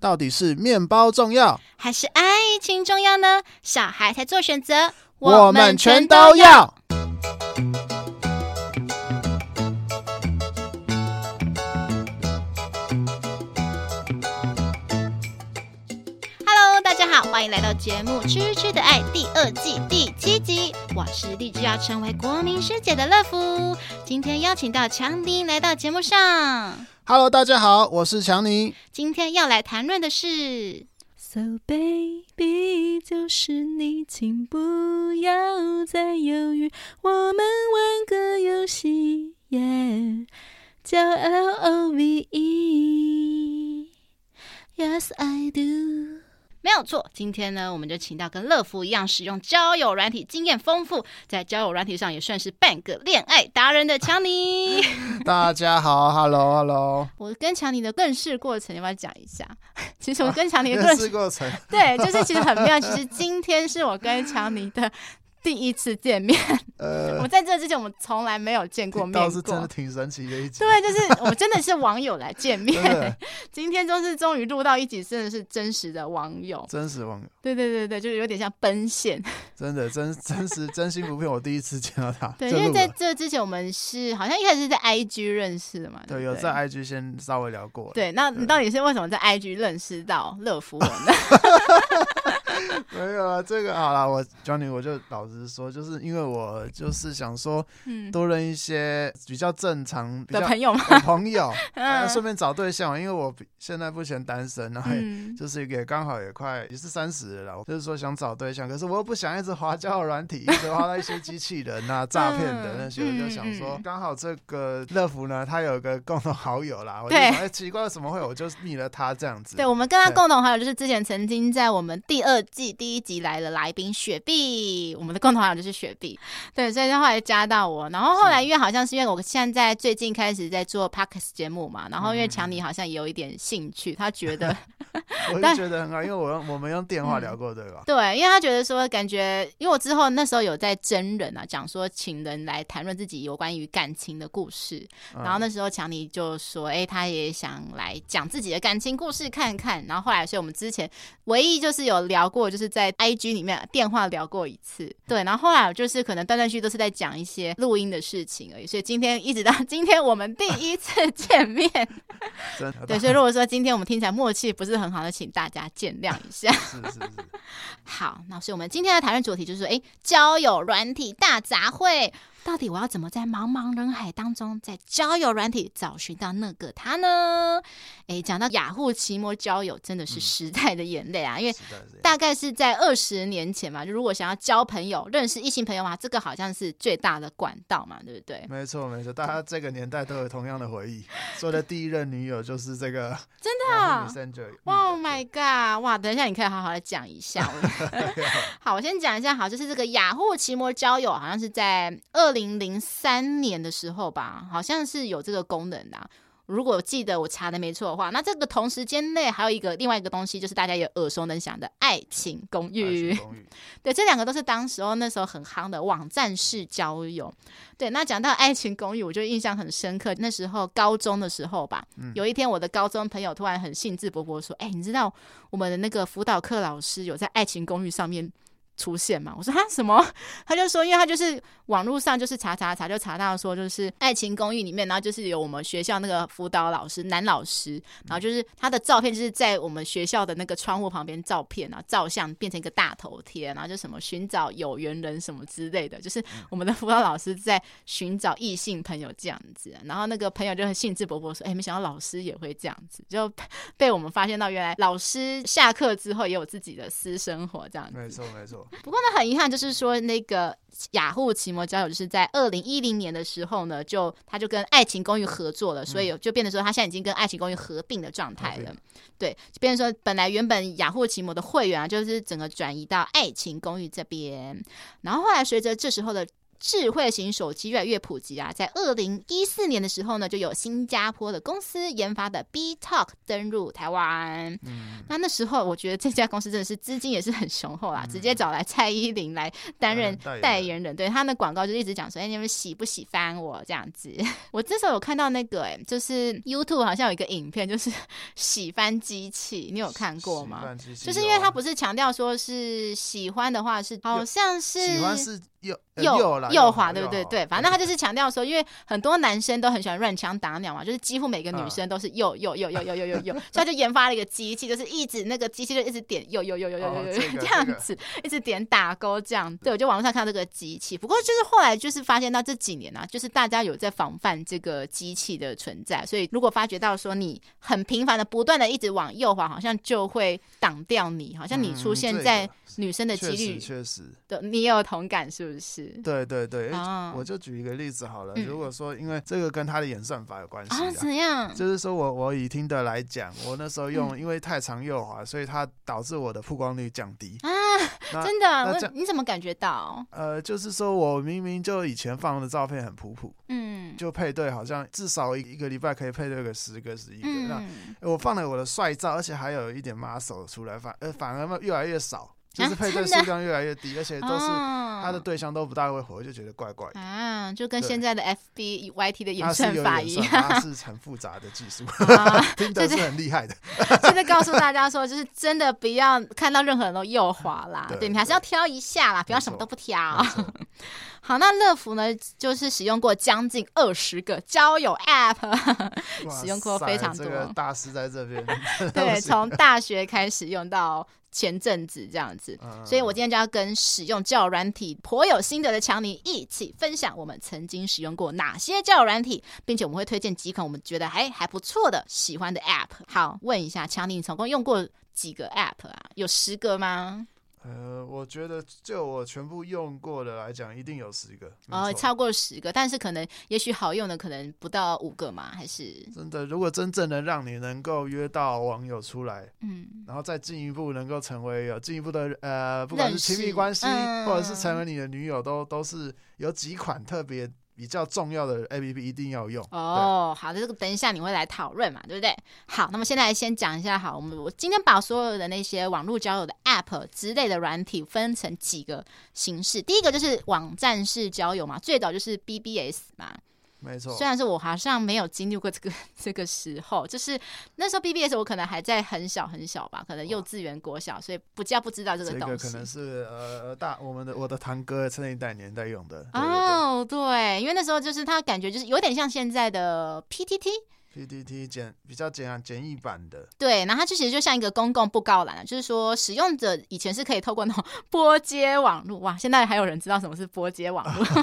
到底是麵包重要，還是愛情重要呢？小孩才做選擇，我們全都要。都要。Hello，大家好，歡迎來到節目《吃吃的愛》第二季第七集。我是立志要成為國民師姐的樂芙，今天邀請到強尼來到節目上。Hello, 大家好,我是強尼，今天要來談論的是。So baby, 就是你,請不要再猶豫,我們玩個遊戲 yeah, 叫 L-O-V-E. Yes, I do. 沒有錯，今天呢，我們就請到跟樂芙一樣使用交友軟體經驗豐富，在交友軟體上也算是半個戀愛達人的強尼、啊。大家好 ，Hello Hello，我跟強尼的認識過程，要不要講一下？其實我跟強尼的認識、啊、過程，對，就是其實很妙。 其實今天是我跟強尼的。第一次見面，呃，我在這之前我們從來沒有見過面過，倒是真的挺神奇的一集。 對，就是我們真的是網友來見面， 今天就是終於錄到一集，真的是真實的網友，真實網友。對對對對，就是有點像奔現。真的真真實真心不騙我，第一次見到他。 對，因為在這之前我們是好像一開始是在 IG 認識的嘛，對對，對，有在 IG 先稍微聊過。對，那你到底是為什麼在 IG 認識到樂芙？ 沒有啊，這個好啦。我 Johnny 我就老實說，就是因為我就是想說，嗯，多認一些比較正常、嗯、比較的朋友嘛、喔，朋友，順、嗯啊、便找對象，因為我現在目前單身然後也就是一個剛好也快也是三十了，我就是說想找對象，可是我又不想一直滑交友軟體，一直滑到一些機器人啊、詐、嗯、騙的那些，我就想說，剛、嗯嗯、好這個樂福呢，他有一個共同好友啦，我就哎、欸，奇怪為什麼會，我就膩了他這樣子對，對，我們跟他共同好友就是之前曾經在我們第二。第第一集來的來賓雪碧，我們的共同好友就是雪碧，對，所以他後來加到我，然後後來因為好像是因為我現在最近開始在做 Podcast 節目嘛，然後因為強尼好像也有一點興趣，他覺得， 我也覺得很好， 因為我我們用電話聊過，對吧？對，因為他覺得說感覺，因為我之後那時候有在真人啊講說請人來談論自己有關於感情的故事，然後那時候強尼就說，哎、欸，他也想來講自己的感情故事看看，然後後來所以我們之前唯一就是有聊過。我就是在 IG 裡面電話聊過一次，對，然後後來就是可能斷斷續續都是在講一些錄音的事情而已，所以今天一直到今天我們第一次見面， 對，所以如果說今天我們聽起來默契不是很好的，請大家見諒一下。 是，是是是，好，那所以我們今天的談論主題就是，哎、欸，交友軟體大雜燴。到底我要怎麼在茫茫人海當中，在交友軟體找尋到那個他呢？哎、欸，講到雅虎奇摩交友，真的是時代的眼淚啊！因為大概是在二十年前嘛，就如果想要交朋友、認識異性朋友嘛，這個好像是最大的管道嘛，對不對？沒錯，沒錯，大家這個年代都有同樣的回憶。我的第一任女友就是這個 真的、哦，啊、oh、，my God！哇，等一下，你可以好好的講一下。 好，我先講一下，好，就是這個雅虎奇摩交友，好像是在二。二零零三年的時候吧，好像是有這個功能的啊。如果記得我查的沒錯的話，那這個同時間內還有一個另外一個東西，就是大家也耳熟能詳的《愛情公寓》公寓。對，這兩個都是當時候那時候很夯的網站式交友。對，那講到《愛情公寓》，我就印象很深刻。那時候高中的時候吧，有一天我的高中朋友突然很興致勃勃勃說、嗯：“哎，你知道我們的那個輔導課老師有在《愛情公寓》上面。”出現嘛？我說他什麼？他就說，因為他就是網絡上就是查查查，就查到說就是《愛情公寓》裡面，然後就是有我們學校那個輔導老師男老師，然後就是他的照片就是在我們學校的那個窗戶旁邊照片，然後照相變成一個大頭貼，然後就什麼尋找有緣人什麼之類的，就是我們的輔導老師在尋找異性朋友這樣子。然後那個朋友就很興致勃勃說：“哎，沒想到老師也會這樣子，就被我們發現到原來老師下課之後也有自己的私生活這樣。”沒錯，沒錯。 不過呢，很遺憾，就是說那個雅虎奇摩交友，就是在二零一零年的時候呢，就他就跟愛情公寓合作了，所以就變得說他現在已經跟愛情公寓合併的狀態了。嗯、對，就變成說本來原本雅虎奇摩的會員啊，就是整個轉移到愛情公寓這邊，然後後來隨着這時候的。智慧型手機越來越普及啊，在二零一四年的時候呢，就有新加坡的公司研發的 BeeTalk 登入台灣，嗯。那那時候我覺得這家公司真的是資金也是很雄厚啊，嗯，直接找來蔡依林來擔任代言人，言人對他的廣告就一直講說：“哎，欸，你們喜不喜歡我？”這樣子。 我這時候有看到那個、欸，就是 YouTube 好像有一個影片，就是 喜歡機器，你有看過嗎？啊，就是因為他不是強調說是喜歡的話，是好像是喜歡是。右右右滑對不對？對，對，對，對，反正他就是強調說，因為很多男生都很喜歡亂槍打鳥嘛，就是幾乎每個女生都是右右右右右右右右，啊、 所以他就研發了一個機器，就是一直那個機器就一直點右右右右右右這樣子，這個這個、一直點打勾這樣。對，我就網絡上看到這個機器，不過就是後來就是發現到這幾年呢、啊，就是大家有在防範這個機器的存在，所以如果發覺到說你很頻繁的不斷的一直往右滑，好像就會擋掉你，好像你出現在、嗯。這個女生的幾率確實，確實，你也有同感是不是？對對對，oh. 欸、我就舉一個例子好了、嗯。如果說因為這個跟他的演算法有關係，oh, 怎樣？就是說我我以聽的來講，我那時候用，嗯、因為太長右滑，所以它導致我的曝光率降低啊，真的？我，你怎麼感覺到？呃，就是說我明明就以前放的照片很普普，嗯，就配對好像至少一一個禮拜可以配對個十個、十一個，嗯、那、欸、我放了我的帥照，而且還有一點 muscle 出來，反呃反而越來越少。啊、就是配對質量越來越低，而且都是他的對象都不大會活，啊、就覺得怪怪的。嗯、啊，就跟現在的 FBYT 的演算法一樣，他是， 他是很複雜的技術，真、啊、 是很厲害的。對對對 現在告訴大家說，就是真的不要看到任何人都右滑啦， 對，對，對，對你還是要挑一下啦，不要什麼都不挑。好，那樂芙呢？就是使用過將近二十個交友 App， 使用過非常多。這個、大師在這邊。 對，從大學開始用到前陣子這樣子、嗯，所以我今天就要跟使用交友軟體頗有心得的強尼一起分享我們曾經使用過哪些交友軟體，並且我們會推薦幾款我們覺得還還不錯的喜歡的 App。好，問一下強尼，你總共用過幾個 App 啊？有十個嗎？我覺得就我全部用過的來講，一定有十個，哦，超過十個，但是可能也許好用的可能不到五個嘛，還是真的，如果真正的讓你能夠約到網友出來，嗯，然後再進一步能夠成為有進一步的，呃，不管是親密關係或者是成為你的女友都，都、嗯、都是有幾款特別。比較重要的 APP 一定要用哦，oh。好的，這個等一下你會來討論嘛，對不對？好，那麼現在先講一下。好，我們我今天把所有的那些網絡交友的 APP 之類的軟體分成幾個形式。第一個就是網站式交友嘛，最早就是 BBS 嘛。沒錯，雖然是我好像沒有經歷過這個這個時候，就是那時候 BBS 我可能還在很小很小吧，可能幼稚園、國小，所以不叫不知道這個東西。這個可能是呃大我們的我的堂哥那一代年代用的，對對對。哦，對，因為那時候就是他感覺就是有點像現在的 PTT，PTT 簡 PTT，比較簡易簡易版的。對，然後它就其實就像一個公共布告欄，就是說使用者以前是可以透過那種撥接網路，哇，現在還有人知道什麼是撥接網路？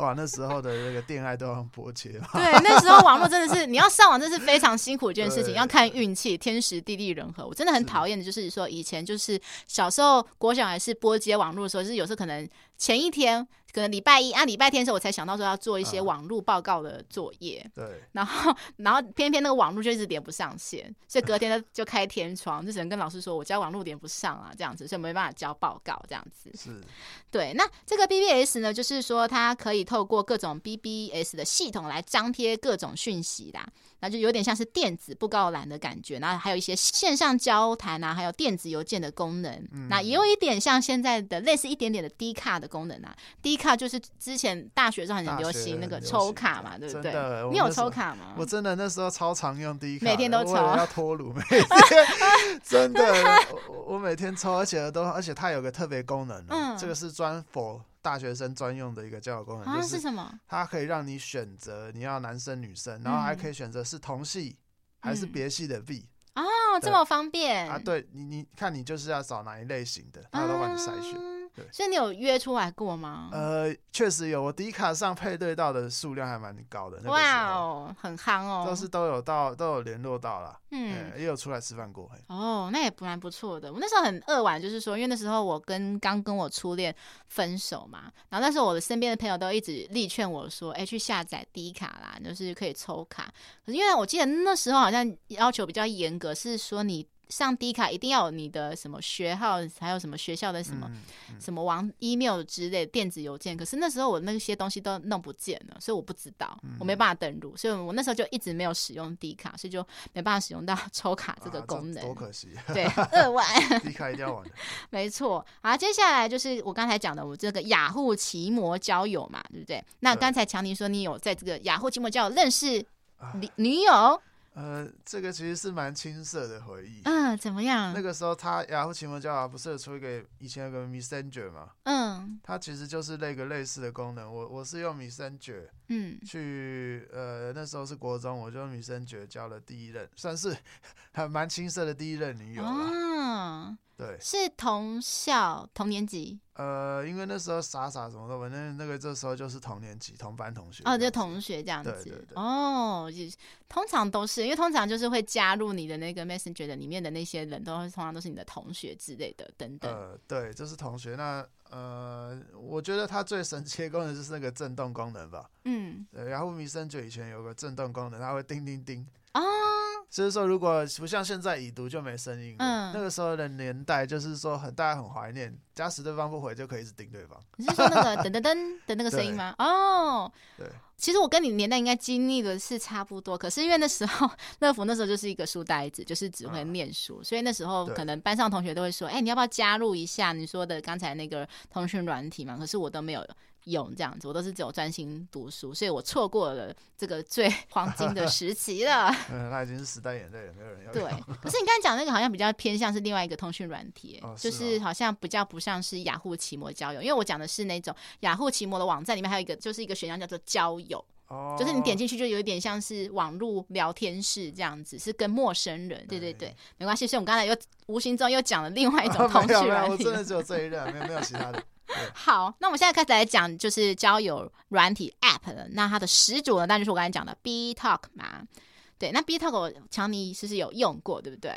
哇，那時候的那個戀愛都很波折。對，那時候網絡真的是， 你要上網真的是非常辛苦一件事情，要看運氣、天時地利人和。我真的很討厭的就是說，以前就是小時候國小還是撥接網絡的時候，就是有時候可能。前一天可能禮拜一啊，禮拜天的時候我才想到說要做一些網絡報告的作業，啊、對，然後然後偏偏那個網絡就一直連不上線，所以隔天呢就開天窗， 就只能跟老師說，我交網絡連不上啊這樣子，所以沒辦法交報告這樣子。對，那這個 BBS 呢，就是說它可以透過各種 BBS 的系統來張貼各種訊息啦。那就有點像是電子布告欄的感覺，然後還有一些線上交談啊，還有電子郵件的功能、嗯，那也有一點像現在的類似一點點的 D 卡的功能啊。嗯、D 卡就是之前大學的時候很流行那個抽卡嘛，對,對不對？你有抽卡嗎？我真的那時候超常用 D 卡，每天都抽，要脫魯，每天 真的 我每天抽，而且都而且它有個特別功能、哦，嗯，這個是專 for。大學生專用的一個交友功能啊、就是什麼？它可以讓你選擇你要男生女生，啊、然後還可以選擇是同系還是別系的 V 啊、嗯哦，這麼方便啊？對，你你看你就是要找哪一類型的，它都幫你篩選。啊對，所以你有約出來過嗎？呃，確實有，我 D 卡上配對到的數量還蠻高的。哇、wow, 哦，很夯哦，都是都有到，都有聯絡到啦。嗯，欸、也有出來吃飯過、欸。哦，那也蠻不錯的。我那時候很扼腕，就是說，因為那時候我跟剛跟我初戀分手嘛，然後那時候我的身邊的朋友都一直力勸我說，哎、欸，去下載 D 卡啦，就是可以抽卡。可是因為我記得那時候好像要求比較嚴格，是說你，上 D 卡一定要有你的什麼學號，還有什麼學校的什麼、嗯嗯、什麼網 email 之類電子郵件、嗯，可是那時候我那些東西都弄不見了，所以我不知道，嗯，我沒辦法登錄，所以我那時候就一直沒有使用 D 卡，所以就沒辦法使用到抽卡這個功能，啊，多可惜。對，二萬 D 卡一定要玩 沒錯。好，接下來就是我剛才講的，我這個雅虎奇摩交友嘛，對不對？對，那剛才強尼說你有在這個雅虎奇摩交友認識女女友。啊呃，這個其實是蠻青澀的回憶。嗯，怎麼樣？那個時候他雅虎奇摩交往不是有出一個以前有一個 messenger 嗎？嗯，它其實就是那個類似的功能。我我是用 messenger，嗯，去呃那時候是國中，我就用 messenger 交了第一任，算是還蠻青澀的第一任女友啦。哦對，是同校同年級。呃，因為那時候傻傻什麼的，反正那個這時候就是同年級、同班同學。哦，就同學這樣子。對對對哦，就是、通常都是，因為通常就是會加入你的那個 Messenger 的裡面的那些人都通常都是你的同學之類的等等。呃，對，就是同學。那呃，我覺得它最神奇的功能就是那個震動功能吧。嗯。對，然後 m e s 以前有個震動功能，它會叮叮叮。哦就是說，如果不像現在已讀就沒聲音。嗯，那個時候的年代，就是說很大家很懷念，假使對方不回就可以一直盯對方。你是說那個噔噔噔的那個聲音嗎？ 哦，對。其實我跟你年代應該經歷的是差不多，可是因為那時候樂福那，那時候就是一個書呆子，就是只會念書、嗯，所以那時候可能班上同學都會說：“哎、欸，你要不要加入一下你說的剛才那個通訊軟體嘛？”可是我都沒有。用這樣子，我都是只有專心讀書，所以我錯過了這個最黃金的時期了。 嗯，那已經是時代眼淚，沒有人要。對， 可是你剛才講那個，好像比較偏向是另外一個通訊軟體、欸哦，就是好像比較不像是雅虎奇摩交友，因為我講的是那種雅虎奇摩的網站裡面還有一個，就是一個選項叫做交友，哦、就是你點進去就有一點像是網路聊天室這樣子，是跟陌生人。對對，對對，沒關係。所以我們剛才又無形中又講了另外一種通訊軟體、哦，我真的只有這一類，沒有沒有其他的。 好，那我們現在開始來講，就是交友軟體 App 了。那它的始祖呢，那就是我剛才講的 BeeTalk 嘛。對，那 BeeTalk 強尼是不是有用過？對不對？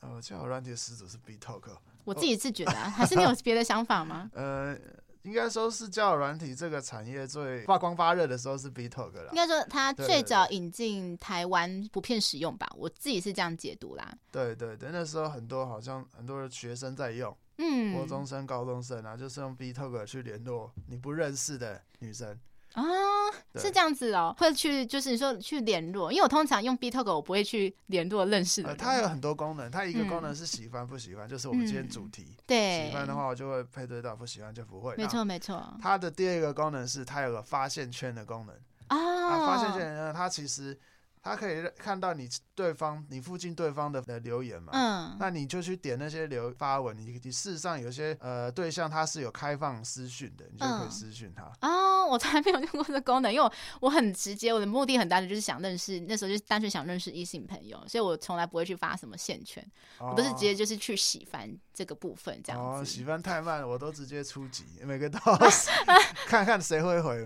呃、嗯，交友軟體始祖是 BeeTalk。我自己是覺得、啊，哦、 還是你有別的想法嗎？呃，應該說是交友軟體這個產業最發光發熱的時候是 BeeTalk 了。應該說它最早引進台灣普遍使用吧，我自己是這樣解讀啦。對對對，那時候很多好像很多的學生在用。嗯，國中生、高中生啊，就是用 BeeTalk 去聯絡你不認識的女生啊。哦，是這樣子哦，會去就是你說去聯絡，因為我通常用 BeeTalk 我不會去聯絡認識的、呃。它有很多功能，它一個功能是喜歡不喜歡，嗯、就是我們今天主題。對、嗯。喜歡的話我就會配對到，不喜歡就不會。沒錯沒錯。它的第二個功能是它有個發現圈的功能。哦、啊，發現圈呢，它其實。他可以看到你對方、你附近對方的的留言嘛？嗯，那你就去點那些留發文。你你事實上有些呃對象他是有開放私訊的、嗯，你就可以私訊他。啊、哦，我從來沒有用過這功能，因為我很直接，我的目的很單純，就是想認識。那時候就單純想認識異性朋友，所以我從來不會去發什麼線圈、哦，我都是直接就是去喜歡這個部分這樣子。喜、哦、歡太慢，我都直接出擊，每個都看看誰會回。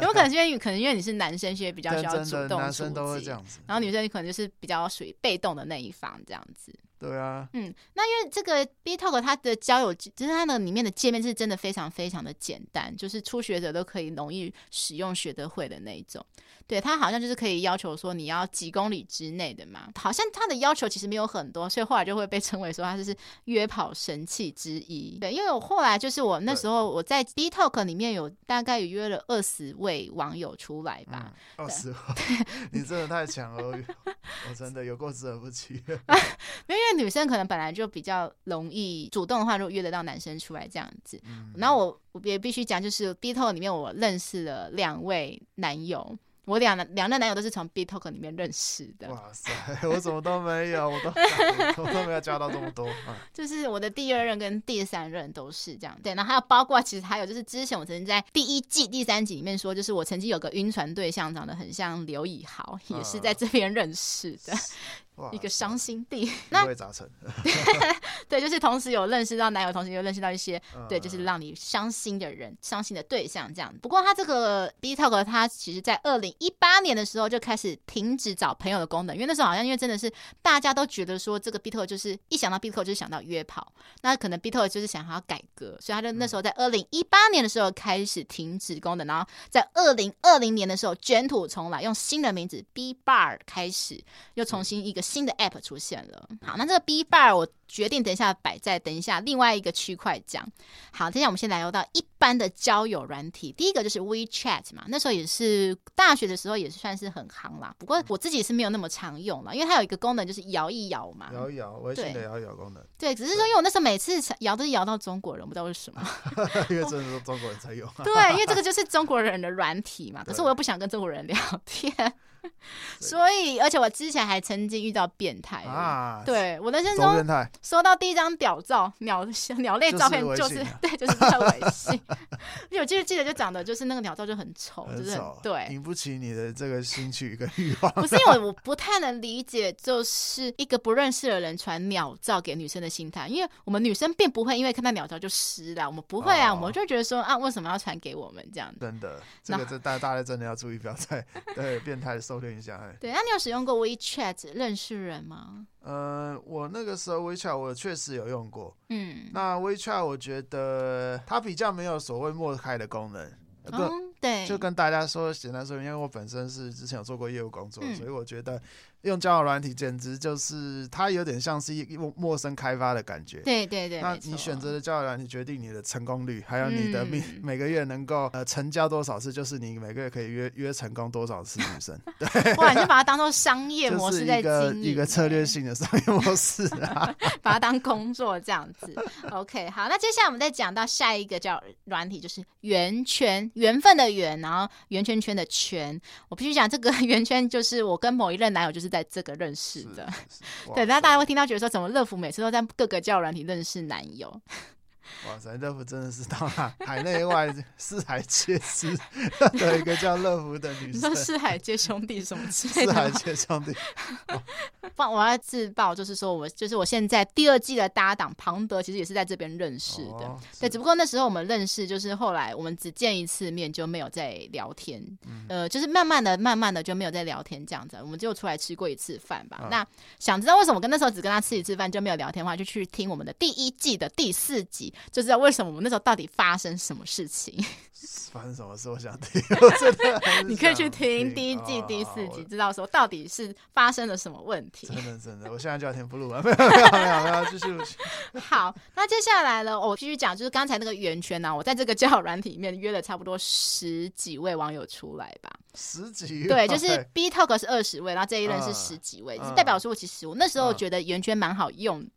有 可能因為可能因為你是男生，所以比較需要主動真真。男生都。是，然後女生可能就是比較屬於被動的那一方這樣子。對啊，嗯，那因為這個 B Talk 它的交友，就是它的裡面的界面，是真的非常非常的簡單，就是初學者都可以容易使用、學得會的那一種。對，他好像就是可以要求說你要幾公里之內的嘛，好像他的要求其實沒有很多，所以後來就會被稱為說他是約跑神器之一。對，因為我後來就是我那時候我在 B Talk 裡面有大概有約了二十位網友出來吧，二十位、嗯，你真的太強了，我， 我真的有過之而不及，沒有。女生可能本來就比較容易主動的話，如果約得到男生出來這樣子。嗯、然後我我也必須講，就是、嗯、BeeTalk 裡面我認識了兩位男友，我兩兩任男友都是從 BeeTalk 裡面認識的。哇塞，我怎麼都沒有， 我都我都, 我都沒有加到這麼多、嗯。就是我的第二任跟第三任都是這樣。對，然後還有包括其實還有就是之前我曾經在第一季第三集裡面說，就是我曾經有個暈船對象，長得很像劉以豪，也是在這邊認識的。嗯 一個傷心地，五味雜陳 對，就是同時有認識到男友，同時有認識到一些、嗯、對，就是讓你傷心的人、傷、嗯、心的對象這樣。不過，他這個 B Talk，他其實在二零一八年的時候就開始停止找朋友的功能，因為那時候好像因為真的是大家都覺得說這個 B Talk 就是一想到 B Talk 就是想到約炮，那可能 B Talk 就是想要改革，所以他就那時候在二零一八年的時候開始停止功能，嗯、然後在二零二零年的時候捲土重來，用新的名字 B Bar 開始又重新一個。新的 App 出現了，好，那這個 B bar 我決定等一下擺在等一下另外一個區塊講。好，接下來我們先來聊到一般的交友軟體，第一個就是 WeChat 嘛，那時候也是大學的時候也是算是很行啦，不過我自己是沒有那麼常用啦，因為它有一個功能就是搖一搖嘛，搖一搖微信的搖一搖功能對，對，只是說因為我那時候每次搖都是搖到中國人，不知道為什麼， 因為真的是中國人才用嘛，對，因為這個就是中國人的軟體嘛，可是我又不想跟中國人聊天。所以，而且我之前還曾經遇到變態啊！對，我那天說，說到第一張鳥照，鳥鳥類照片就是、啊就是、對，就是在微信。 我記記得就講的就是那個鳥照就很醜，很就是很對，引不起你的這個興趣跟欲望、啊。不是因為我不太能理解，就是一個不認識的人傳鳥照給女生的心態，因為我們女生並不會因為看到鳥照就濕了，我們不會啊，哦、我們就會覺得說啊，為什麼要傳給我們這樣子？真的，這個這大大家真的要注意，不要再對變態。收斂一下。欸，對，那你有使用過 WeChat 認識人嗎？呃，我那個時候 WeChat 我確實有用過，嗯，那 WeChat 我覺得它比較沒有所謂陌開的功能。嗯呃嗯對，就跟大家說，簡單說，因為我本身是之前有做過業務工作，嗯、所以我覺得用交友軟體簡直就是它有點像是陌陌生開發的感覺。對對對，那你選擇的交友軟體決定你的成功率，嗯、還有你的每每個月能夠呃成交多少次，就是你每個月可以約約成功多少次女生。對， 哇，你就把它當做商業模式在經，在、就是、一個一個策略性的商業模式啊， 把它當工作這樣子。 OK，好，那接下來我們再講到下一個叫軟體，就是緣全，緣分的。圓，然後圓圈圈的圈，我必須講這個圓圈就是我跟某一任男友就是在這個認識的，是是是對，然後大家會聽到覺得說怎麼樂芙每次都在各個交友軟體認識男友。哇塞，樂福真的是當海內外 四海皆知的一個叫樂福的女生。四海皆兄弟什麼之類的四海皆兄弟。放、 哦、我要自爆，就是說我，我就是我現在第二季的搭檔龐德，其實也是在這邊認識的、哦。對，只不過那時候我們認識，就是後來我們只見一次面就沒有再聊天。嗯，呃，就是慢慢的、慢慢的就沒有再聊天這樣子。我們就出來吃過一次飯吧、嗯。那想知道為什麼跟那時候只跟他吃一次飯就沒有聊天的話，就去聽我們的第一季的第四集。就知道為什麼我們那時候到底發生什麼事情？發生什麼事？我想聽，真的。 你可以去聽、哦、第一季第四集、哦，知道說到底是發生了什麼問題。真的真的，我現在就要聽不錄了 沒，沒有沒有沒有，繼續。 好，那接下來呢？我繼續講，就是剛才那個圓圈啊，我在這個交友軟體裡面約了差不多十幾位網友出來吧。十幾位對，就是 B Talk 是二十位，然後這一任是十幾位，嗯就是、代表說，我其實我那時候覺得圓圈蠻好用。嗯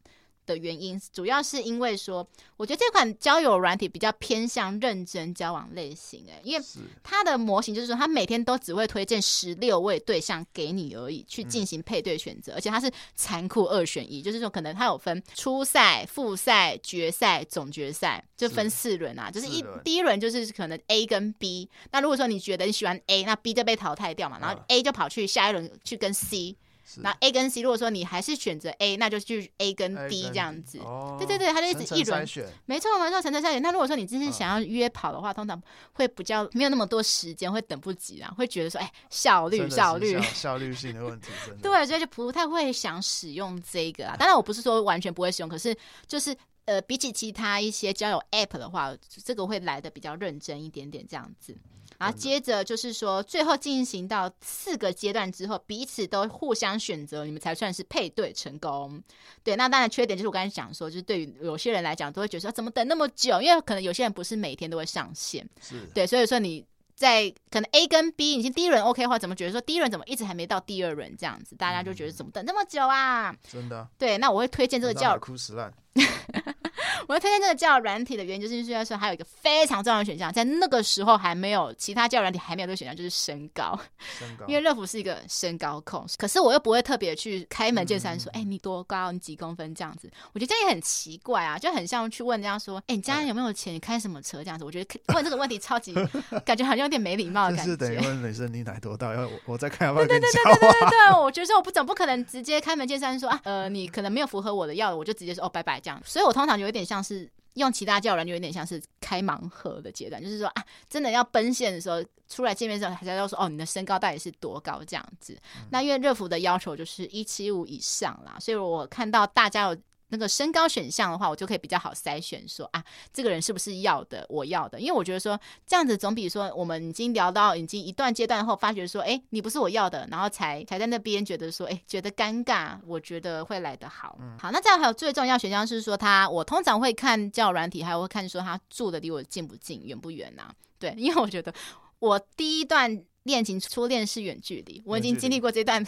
的原因主要是因為說，我覺得這款交友軟體比較偏向認真交往類型，欸，誒。因為它的模型就是說，它每天都只會推薦十六位對象給你而已，去進行配對選擇，嗯，而且它是殘酷二選一，就是說可能它有分初賽、複賽、決賽、總決賽，就分四輪啊，就是一第一輪就是可能 A 跟 B，那如果說你覺得你喜歡 A，那 B 就被淘汰掉嘛，然後 A 就跑去、哦、下一輪去跟 C。那 A 跟 C，如果說你還是選擇 A，那就去 A 跟 D 這樣子。D, 哦、對對對，他就一直一輪選，沒錯，沒錯，層層篩選。那如果說你真是想要約跑的話，嗯、通常會比較沒有那麼多時間，會等不及啊，會覺得說，哎，效率，效率，是效，效率性的問題， 對、啊，所以就不太會想使用這個啊。當然，我不是說完全不會使用，可是就是呃，比起其他一些交友 App 的話，這個會來得比較認真一點點這樣子。然後接着就是說，最後進行到四個階段之後，彼此都互相選擇，你們才算是配對成功。對，那當然缺點就是我剛才講說，就是對於有些人來講，都會覺得說怎麼等那麼久，因為可能有些人不是每天都會上線，對，所以說你在可能 A 跟 B 已經第一輪 OK 的話，怎麼覺得說第一輪怎麼一直還沒到第二輪這樣子，大家就覺得怎麼等那麼久啊？真的？對，那我會推薦這個叫。 我要推薦這個交軟體的原因就是因為說，還有一個非常重要的選項，在那個時候還沒有其他交軟體還沒有的選項，就是身高。身高，因為樂芙是一個身高控，可是我又不會特別去開門見山說，哎、嗯嗯欸，你多高？你幾公分？這樣子，我覺得這樣也很奇怪啊，就很像去問人家說，哎、欸，你家裡有沒有錢？你開什麼車？這樣子，我覺得問這個問題超級 感覺好像有點沒禮貌的感覺。是等於問女生你奶多大？要我再看下。對對對對對對對，對，對，對，對， 我覺得說我不總不可能直接開門見山說啊，呃，你可能沒有符合我的要我就直接說哦，拜拜。這樣，所以我通常就有點像是用其他教人，就有點像是開盲盒的階段，就是說啊，真的要奔現的時候，出來見面的時候，大家要說哦，你的身高到底是多高這樣子、嗯。那因為樂芙的要求就是一七五以上啦，所以我看到大家有。那個身高選項的話，我就可以比較好篩選說啊，這個人是不是要的，我要的，因為我覺得說這樣子總比說我們已經聊到已經一段階段後，發覺說，哎、欸，你不是我要的，然後才才在那邊覺得說，哎、欸，覺得尷尬，我覺得會來得好、嗯。好，那這樣還有最重要選項是說他，我通常會看交友軟體，還會看說他住的離我近不近，遠不遠啊？對，因為我覺得我第一段。戀情初戀是遠距離，我已經經歷過這段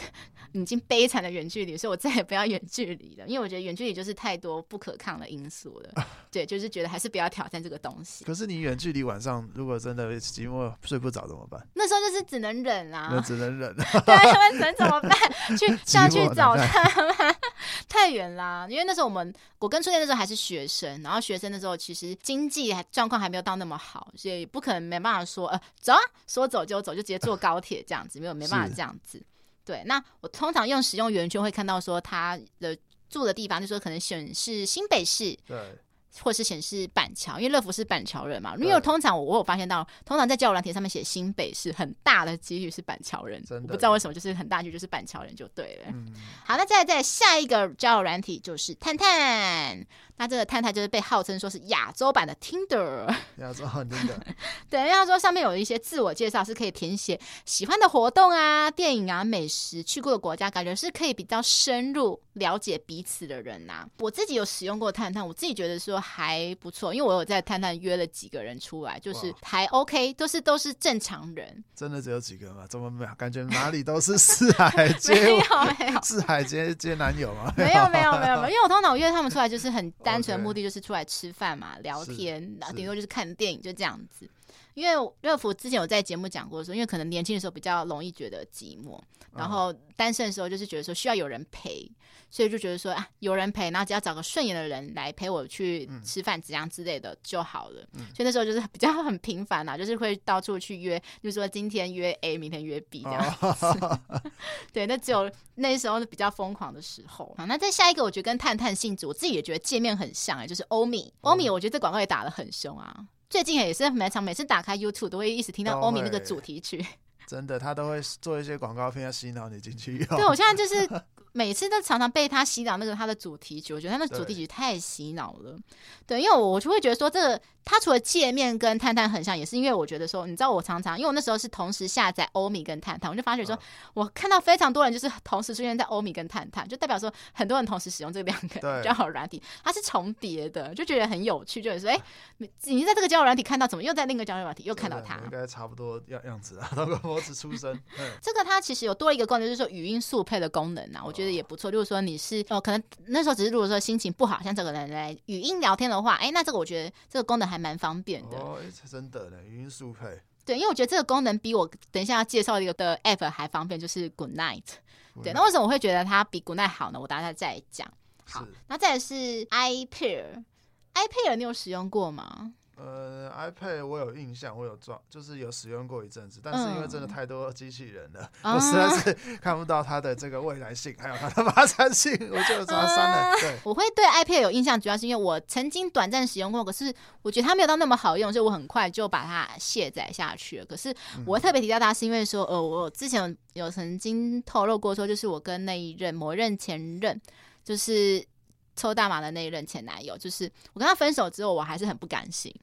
已經悲慘的遠距離，所以我再也不要遠距離了。因為我覺得遠距離就是太多不可抗的因素了。啊、對，就是覺得還是不要挑戰這個東西。可是你遠距離晚上如果真的寂寞睡不着怎麼辦？那時候就是只能忍啊，那只能忍。對，那能怎麼辦？去下去找他嗎 太遠啦、啊。因為那時候我們，我跟初戀那時候還是學生，然後學生的時候其實經濟還狀況還沒有到那麼好，所以不可能沒辦法說呃走啊，說走就走就直接。坐高鐵這樣子，沒有沒辦法這樣子，對。那我通常用使用圓圈會看到說他的住的地方，就是說可能選是新北市。對。或是顯示板橋，因為樂芙是板橋人嘛。因為通常我我有發現到，通常在交友軟體上面寫新北市，很大的幾率是板橋人，真的不知道為什麼，就是很大幾率就是板橋人就對了。嗯。好，那再來再來下一個交友軟體就是探探，那這個探探就是被號稱說是亞洲版的 Tinder，亞洲版 Tinder，對， 因為他說上面有一些自我介紹是可以填寫喜歡的活動啊、電影啊、美食、去過的國家，感覺是可以比較深入了解彼此的人吶、啊。我自己有使用過探探，我自己覺得說。還不錯，因為我有在探探約了幾個人出來，就是還 OK，都是都是正常人。真的只有幾個嗎？怎麼沒有？感覺哪裡都是四海皆 沒有沒有四海皆皆男友嗎？沒有沒有沒有，沒有，因為我通常約他們出來，就是很單純的目的，就是出來吃飯嘛， okay. 聊天，然後頂多就是看電影，就這樣子。因為樂芙之前有在節目講過說，因為可能年輕的時候比較容易覺得寂寞，然後單身的時候就是覺得說需要有人陪，所以就覺得說啊有人陪，然後只要找個順眼的人來陪我去吃飯、怎樣之類的就好了、嗯。所以那時候就是比較很頻繁啦、啊，就是會到處去約，就是說今天約 A，明天約 B 這樣子。啊、哈哈哈哈 對，那只有那時候是比較瘋狂的時候、啊、那再下一個，我覺得跟探探性質，我自己也覺得界面很像哎、欸，就是歐米歐米，我覺得這廣告也打得很凶啊。最近也是蠻常，每次打開 YouTube 都會一直聽到歐米那個主題曲，真的，他都會做一些廣告片要洗腦你進去用。 對，我現在就是每次都常常被他洗腦，那個他的主題曲，我覺得他那主題曲太洗腦了。對，因為我我就會覺得說這個。它除了界面跟探探很像，也是因為我覺得說，你知道我常常，因為我那時候是同時下載歐米跟探探，我就發覺說、啊、我看到非常多人就是同時出現在歐米跟探探，就代表說很多人同時使用這兩個交友軟體，它是重疊的，就覺得很有趣，就是說，哎、欸，你在這個交友軟體看到怎麼，又在另一個交友軟體又看到它。對對對，應該差不多樣樣子啊，同一個模子出身。 嗯、這個它其實有多了一個功能，就是說語音速配的功能吶、啊，我覺得也不錯。就是說你是哦、呃，可能那時候只是如果說心情不好，像這個人來語音聊天的話，哎、欸，那這個我覺得這個功能還。還蠻方便的，真的呢，語音速配。對，因為我覺得這個功能比我等一下要介紹一個的 app 還方便，就是 Good Night。對，那為什麼我會覺得它比 Good Night 好呢？我等下再講。好，那再來是 iPair，iPair 你有使用過嗎？呃，iPad 我有印象，我有裝，就是有使用過一陣子，但是因為真的太多機器人了、嗯，我實在是看不到它的這個未來性，嗯、還有它的發展性，我就把它刪了。對，我會對 iPad 有印象，主要是因為我曾經短暫使用過，可是我覺得它沒有到那麼好用，所以我很快就把它卸載下去了。可是我特別提到它，是因為說，呃，我之前有曾經透露過說，就是我跟那一任、某任前任，就是。抽大麻的那一任前男友，就是我跟他分手之後，我還是很不甘心，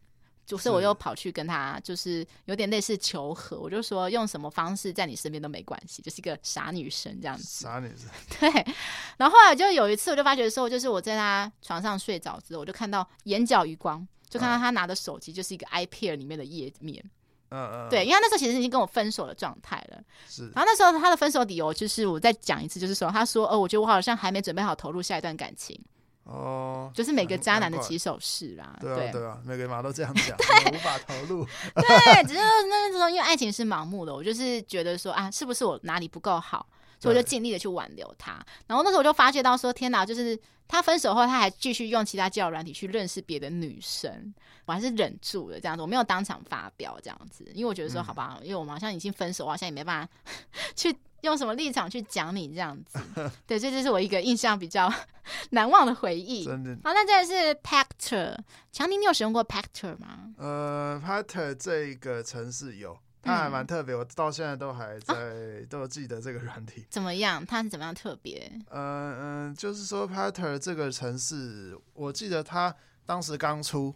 就是我又跑去跟他，就是有點類似求和，我就說用什麼方式在你身邊都沒關係，就是一個傻女生這樣子，傻女生對。然後後來就有一次，我就發覺的時候，就是我在他床上睡着之後，我就看到眼角餘光，就看到他拿的手機就是一個 iPad 裡面的頁面，嗯、啊、嗯，對，因為他那時候其實已經跟我分手的狀態了，是。然後那時候他的分手理由，就是我再講一次，就是說他說，哦，我覺得我好像還沒準備好投入下一段感情。哦、oh，就是每個渣男的起手事啦，對啊對，對啊，每個人嘛都這樣講， 對，我無法投入， 對，只是那時候因為愛情是盲目的，我就是覺得說啊，是不是我哪裡不夠好，所以我就盡力的去挽留他。然後那時候我就發覺到說，天哪，就是他分手後，他還繼續用其他交友軟體去認識別的女生，我還是忍住了這樣子，我沒有當場發飆這樣子，因為我覺得說、嗯、好不好，因為我們好像已經分手了，我好像也沒辦法 去。用什麼立場去講你這樣子？ 對，所以這是我一個印象比較 難忘的回憶。真的。好、啊，那這個是 Pactor 強尼，你有使用過 Pactor 嗎？呃 Pactor 這個城市有，它還蠻特別、嗯，我到現在都還在，啊、都記得這個軟體。怎麼樣？它是怎麼樣特別？嗯、呃、嗯、呃，就是說 Pactor 這個城市，我記得它當時剛出，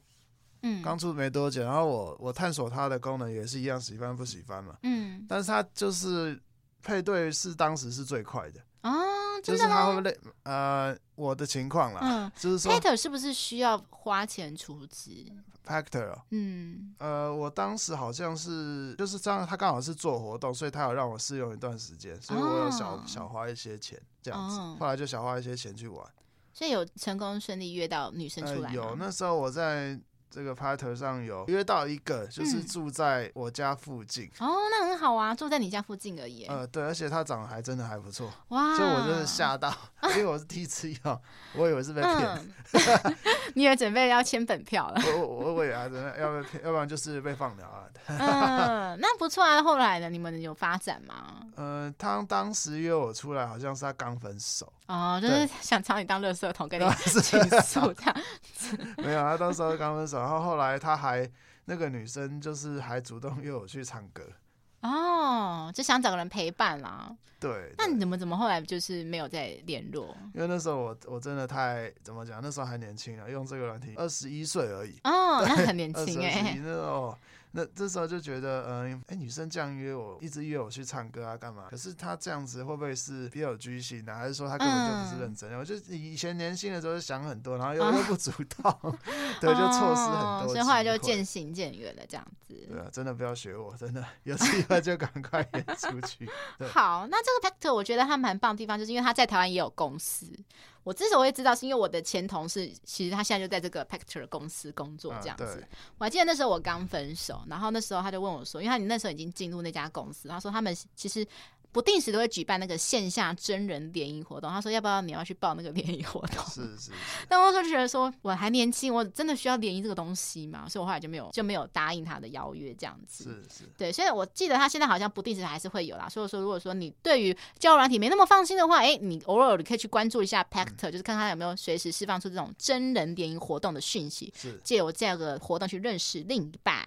剛、嗯、出沒多久，然後我我探索它的功能也是一樣，喜歡不喜歡嘛？嗯，但是它就是。配對是當時是最快的啊、哦，就是他會累呃，我的情況啦，嗯，就是說 Paktor 是不是需要花錢儲值？Paktor，嗯，呃，我當時好像是就是這樣，他剛好是做活動，所以他有讓我試用一段時間，所以我有少少、哦、花一些錢這樣子，哦、後來就少花一些錢去玩，所以有成功順利約到女生出來、呃。有那時候我在。這個拍頭上有約到一個，就是住在我家附近。嗯、哦，那很好啊，住在你家附近而已。呃，對，而且他長得還真的還不錯。哇！所以我就我真的嚇到、啊，因為我是第一次約，我以為是被騙。嗯、 你也準備要簽本票了？我我我也還準備要不然 要不然就是被放了啊。嗯、 那不錯啊。後來呢，你們有發展嗎？呃，他當當時約我出來，好像是他剛分手。哦，就是想找你當垃圾桶，跟你一起受這樣、啊啊 這樣。沒有他到時候剛分手。然後後來他還那個女生就是還主動約我去唱歌哦，就想找個人陪伴啦。對，那你怎麼怎麼後來就是沒有再聯絡？因為那時候我我真的太怎麼講？那時候還年輕啊，用這個軟體，二十一歲而已。哦，那很年輕哎。哦，那這時候就覺得，嗯，哎、欸，女生這樣約我，一直約我去唱歌啊，幹嘛？可是她這樣子會不會是比較有居心的？啊？還是說她根本就不是認真？啊嗯？我就以前年輕的時候就想很多，然後又又不主動，嗯、 對，就錯失很多，哦，所以後來就漸行漸遠了這樣子。對啊，真的不要學我，真的有機會就趕快演出去。 對好，那。這個 Paktor 我覺得他蠻棒的地方，就是因為他在台灣也有公司。我之所以知道，是因為我的前同事，其實他現在就在這個 Paktor 公司工作。這樣子、啊，我還記得那時候我剛分手，然後那時候他就問我說：“，因為他你那時候已經進入那家公司，他說他們其實……”不定時都會舉辦那個線下真人聯誼活動，他說要不要你要去報那個聯誼活動？是是，是。 但我說就覺得說我還年輕，我真的需要聯誼這個東西嘛。所以我後來就沒有就沒有答應他的邀約這樣子。是是對，所以，我記得他現在好像不定時還是會有啦。所以說，如果說你對於交友軟體沒那麼放心的話，哎，你偶爾你可以去關注一下 Paktor，、嗯、就是看看他有沒有隨時釋放出這種真人聯誼活動的訊息，借由這樣一個活動去認識另一半。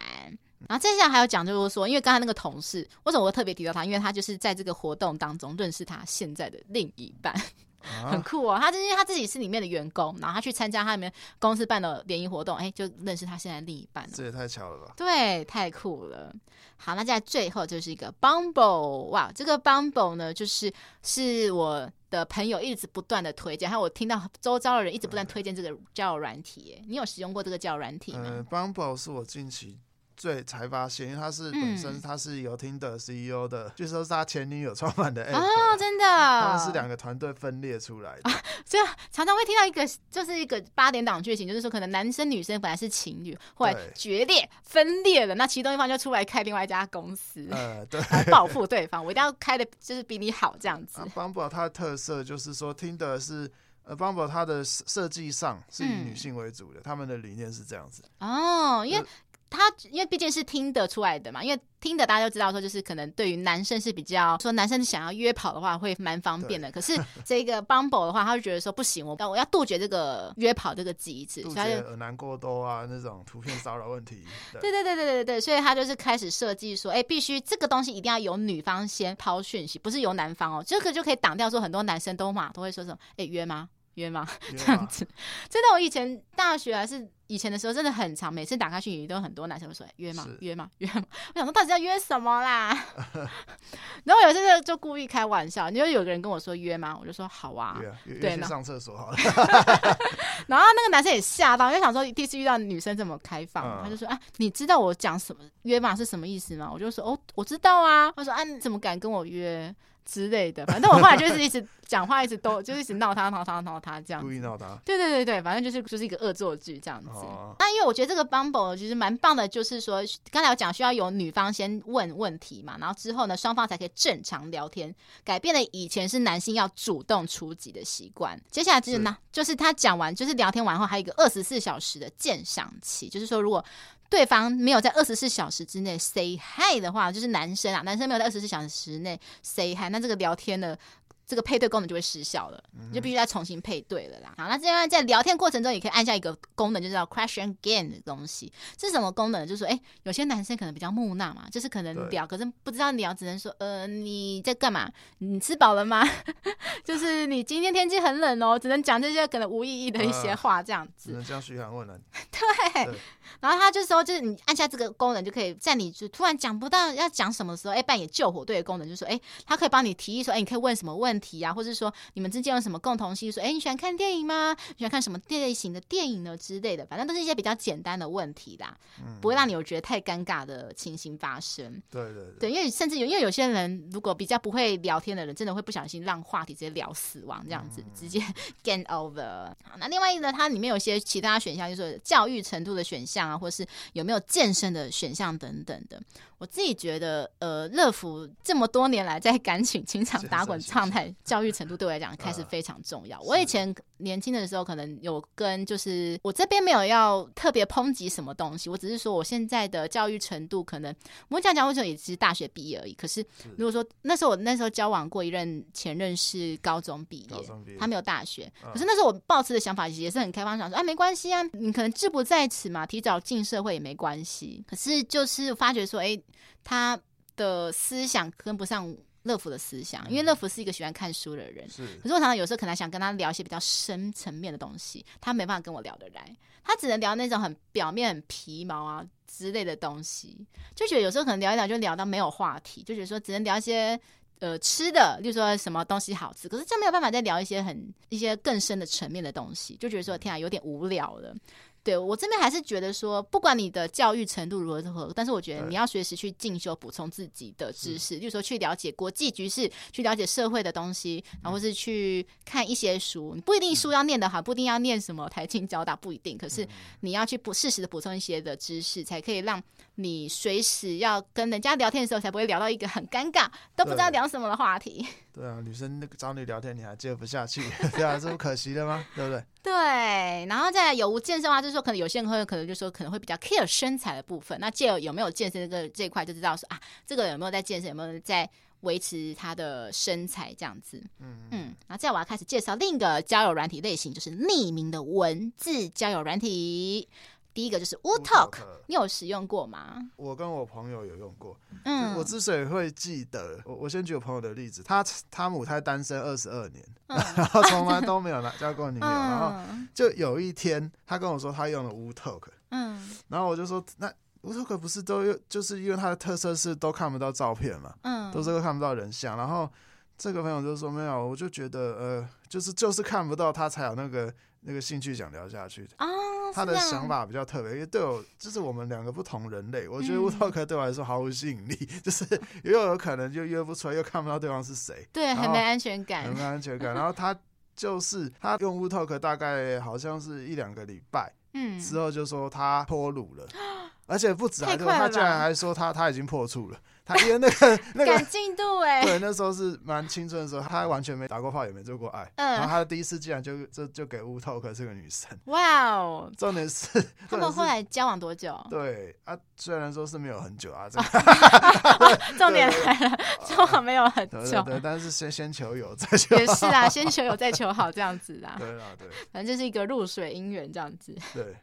然後接下來還有講，就是說，因為剛才那個同事，為什麼我特別提到他？因為他就是在這個活動當中認識他現在的另一半，啊、 很酷哦，他就是因為他自己是裡面的員工，然後他去參加他裡面公司辦的聯誼活動，哎，就認識他現在另一半了。這也太巧了吧？對，太酷了。好，那在最後就是一個 Bumble，哇，這個 Bumble 呢，就是是我的朋友一直不斷的推薦，還有我聽到周遭的人一直不斷推薦這個交友軟體耶。哎、嗯，你有使用過這個交友軟體嗎、嗯、？Bumble 是我近期。最才發現，因為他是本身他是有 Tinder CEO 的、嗯，據說是他前女友創辦的。哦，真的，它是兩個團隊分裂出來的。啊，所以常常會聽到一個，就是一個八點檔劇情，就是說可能男生女生本來是情侶，後來決裂分裂了，那其中一方就出來開另外一家公司，呃，對，來報復對方。我一定要開的就是比你好這樣子。啊、Bumble 他的特色就是說，Tinder 是呃 Bumble 它的設計上是以女性為主的、嗯，他們的理念是這樣子。哦，因為。就是他因為畢竟是聽得出來的嘛，因為聽得大家就知道說，就是可能對於男生是比較說，男生想要約跑的話會蠻方便的。可是這個 Bumble 的話，他就覺得說不行，我我我要杜絕這個約跑這個機制，杜絕耳難過多啊那種圖片騷擾問題。對對對對對對，所以他就是開始設計說，哎、欸，必須這個東西一定要由女方先拋訊息，不是由男方哦，這個就可以擋掉說很多男生都嘛都會說什麼，哎、欸、約嗎？約嗎約、啊？這樣子，真的。我以前大學還是以前的時候，真的很常。每次打開訊息，都有很多男生都說：“約嗎？約嗎？約嗎？”我想說，到底在約什麼啦？ 然後有些時候就故意開玩笑。你說有個人跟我說約嗎？我就說好啊。對啊，去上廁所好了。對 然後那個男生也嚇到，因為想說第一次遇到女生這麼開放、嗯啊，他就說：“啊，你知道我講什麼約嘛？是什麼意思嗎？”我就說：“哦，我知道啊。”他說：“啊，你怎麼敢跟我約？”之類的，反正我後來就是一直講話，一直都 就是一直鬧他，鬧他，鬧他這樣。故意鬧他。對對對對，反正就是就是一個惡作劇這樣子，哦啊。那因為我覺得這個 Bumble 其實蠻棒的，就是說剛才我講需要有女方先問問題嘛，然後之後呢，雙方才可以正常聊天，改變了以前是男性要主動出擊的習慣。接下來就是呢，是就是他講完就是聊天完後，還有一個二十四小時的鑑賞期，就是說如果。對方沒有在二十四小時之內 say hi 的話，就是男生啊，男生沒有在二十四小時內 say hi，那這個聊天呢？這個配對功能就會失效了，你就必須要重新配對了啦。嗯、好，那另外在，在聊天過程中，也可以按下一個功能，就是叫 Crash and Gain 的東西。這是什麼功能？就是說，哎、欸，有些男生可能比較木訥嘛，就是可能聊，可是不知道聊，只能說，呃，你在幹嘛？你吃飽了嗎？ 就是你今天天氣很冷哦，只能講這些可能無意義的一些話這樣子。呃、只能這樣噓寒問暖。 對。然後他就是說，就是你按下這個功能，就可以在你就突然講不到要講什麼的時候，哎、欸，扮演救火隊的功能，就是說，哎、欸，他可以幫你提議說，哎、欸，你可以問什麼問題啊，或者是說你們之間有什麼共同性說，哎、欸，你喜歡看電影嗎？你喜歡看什麼類型的電影呢？之類的，反正都是一些比較簡單的問題啦，嗯、不會讓你有覺得太尷尬的情形發生。對對對，對，因為甚至有，因為有些人如果比較不會聊天的人，真的會不小心讓話題直接聊死亡這樣子，嗯、直接 game over。那另外一個呢，它裡面有些其他選項，就是教育程度的選項啊，或是有沒有健身的選項等等的。我自己覺得，呃，樂芙這麼多年來在感情情場打滾狀態，教育程度對我來講開始非常重要。 啊、我以前年輕的時候，可能有跟就是我這邊沒有要特別抨擊什麼東西，我只是說我現在的教育程度可能，我講講我就也是大學畢業而已。可是如果說那時候我那時候交往過一任前任是高中畢業、業，他沒有大學，啊。可是那時候我抱持的想法也是很開放想說，哎、啊，沒關係啊，你可能志不在此嘛，提早進社會也沒關係。可是就是發覺說，哎、欸。他的思想跟不上樂芙的思想，因為樂芙是一個喜歡看書的人。是，可是我常常有時候可能想跟他聊一些比較深層面的東西，他沒辦法跟我聊得來，他只能聊那種很表面、很皮毛啊之類的東西。就覺得有時候可能聊一聊就聊到沒有話題，就覺得說只能聊一些呃吃的，就是說什麼東西好吃，可是就沒有辦法再聊一些很一些更深的層面的東西，就覺得說天啊，有點無聊了。對，我這邊還是覺得說，不管你的教育程度如何，如何，但是我覺得你要隨時去進修補充自己的知識，就是說去了解國際局勢，去了解社會的東西，嗯、然後是去看一些書，你不一定書要念得好，不一定要念什麼台清交大，不一定，可是你要去補適、嗯、時的補充一些的知識，才可以讓。你隨時要跟人家聊天的時候，才不會聊到一個很尷尬、都不知道聊什麼的話題，對。對啊，女生那個找你聊天，你還接不下去？對啊，這樣是不是可惜的嗎？ 對不對？對。然後再有無健身啊，就是說可能有些人會可能就說可能會比較 care 身材的部分，那健有，有沒有健身這個、這一塊，就知道說啊，這個有沒有在健身，有沒有在維持他的身材這樣子。嗯嗯。那在我要開始介紹另一個交友軟體類型，就是匿名的文字交友軟體。第一個就是 Woo Talk，你有使用過嗎？我跟我朋友有用過。嗯，我之所以會記得，我我先舉我朋友的例子，他他母胎單身二十二年，嗯，然後從來都沒有拿 交過女友，嗯，然後就有一天他跟我說他用了 Woo Talk，嗯，然後我就說那 Woo Talk 不是都有，就是因為他的特色是都看不到照片嘛，嗯，都是都看不到人像，然後這個朋友就說沒有，我就覺得呃，就是就是看不到他才有那個。那個興趣想聊下去啊，oh, 他的想法比較特別，因為對我就是我們兩個不同人類，嗯、我覺得烏托克對我來說毫無吸引力，就是又有可能就約不出來，又看不到對方是誰，對，很沒安全感，很沒安全感。 然後他就是他用烏托克大概好像是一兩個禮拜，嗯，之後就說他脫魯了。嗯而且不止啊！他竟然還說他他已經破處了。他因為那個 那個感進度、欸，對，那時候是蠻青春的時候，他還完全沒打過炮，也沒做過愛。嗯。然後他第一次竟然就就就給 Wootalk 是個女生。哇哦！重點是他們後來交往多久？對啊，雖然說是沒有很久啊，這個。哦 哦、重點來了，交、啊、往沒有很久。對，對，對，但是先先求有再求好。也是啊，先求有再求好這樣子啊。對啊，對。反正就是一個入水姻緣這樣子。對。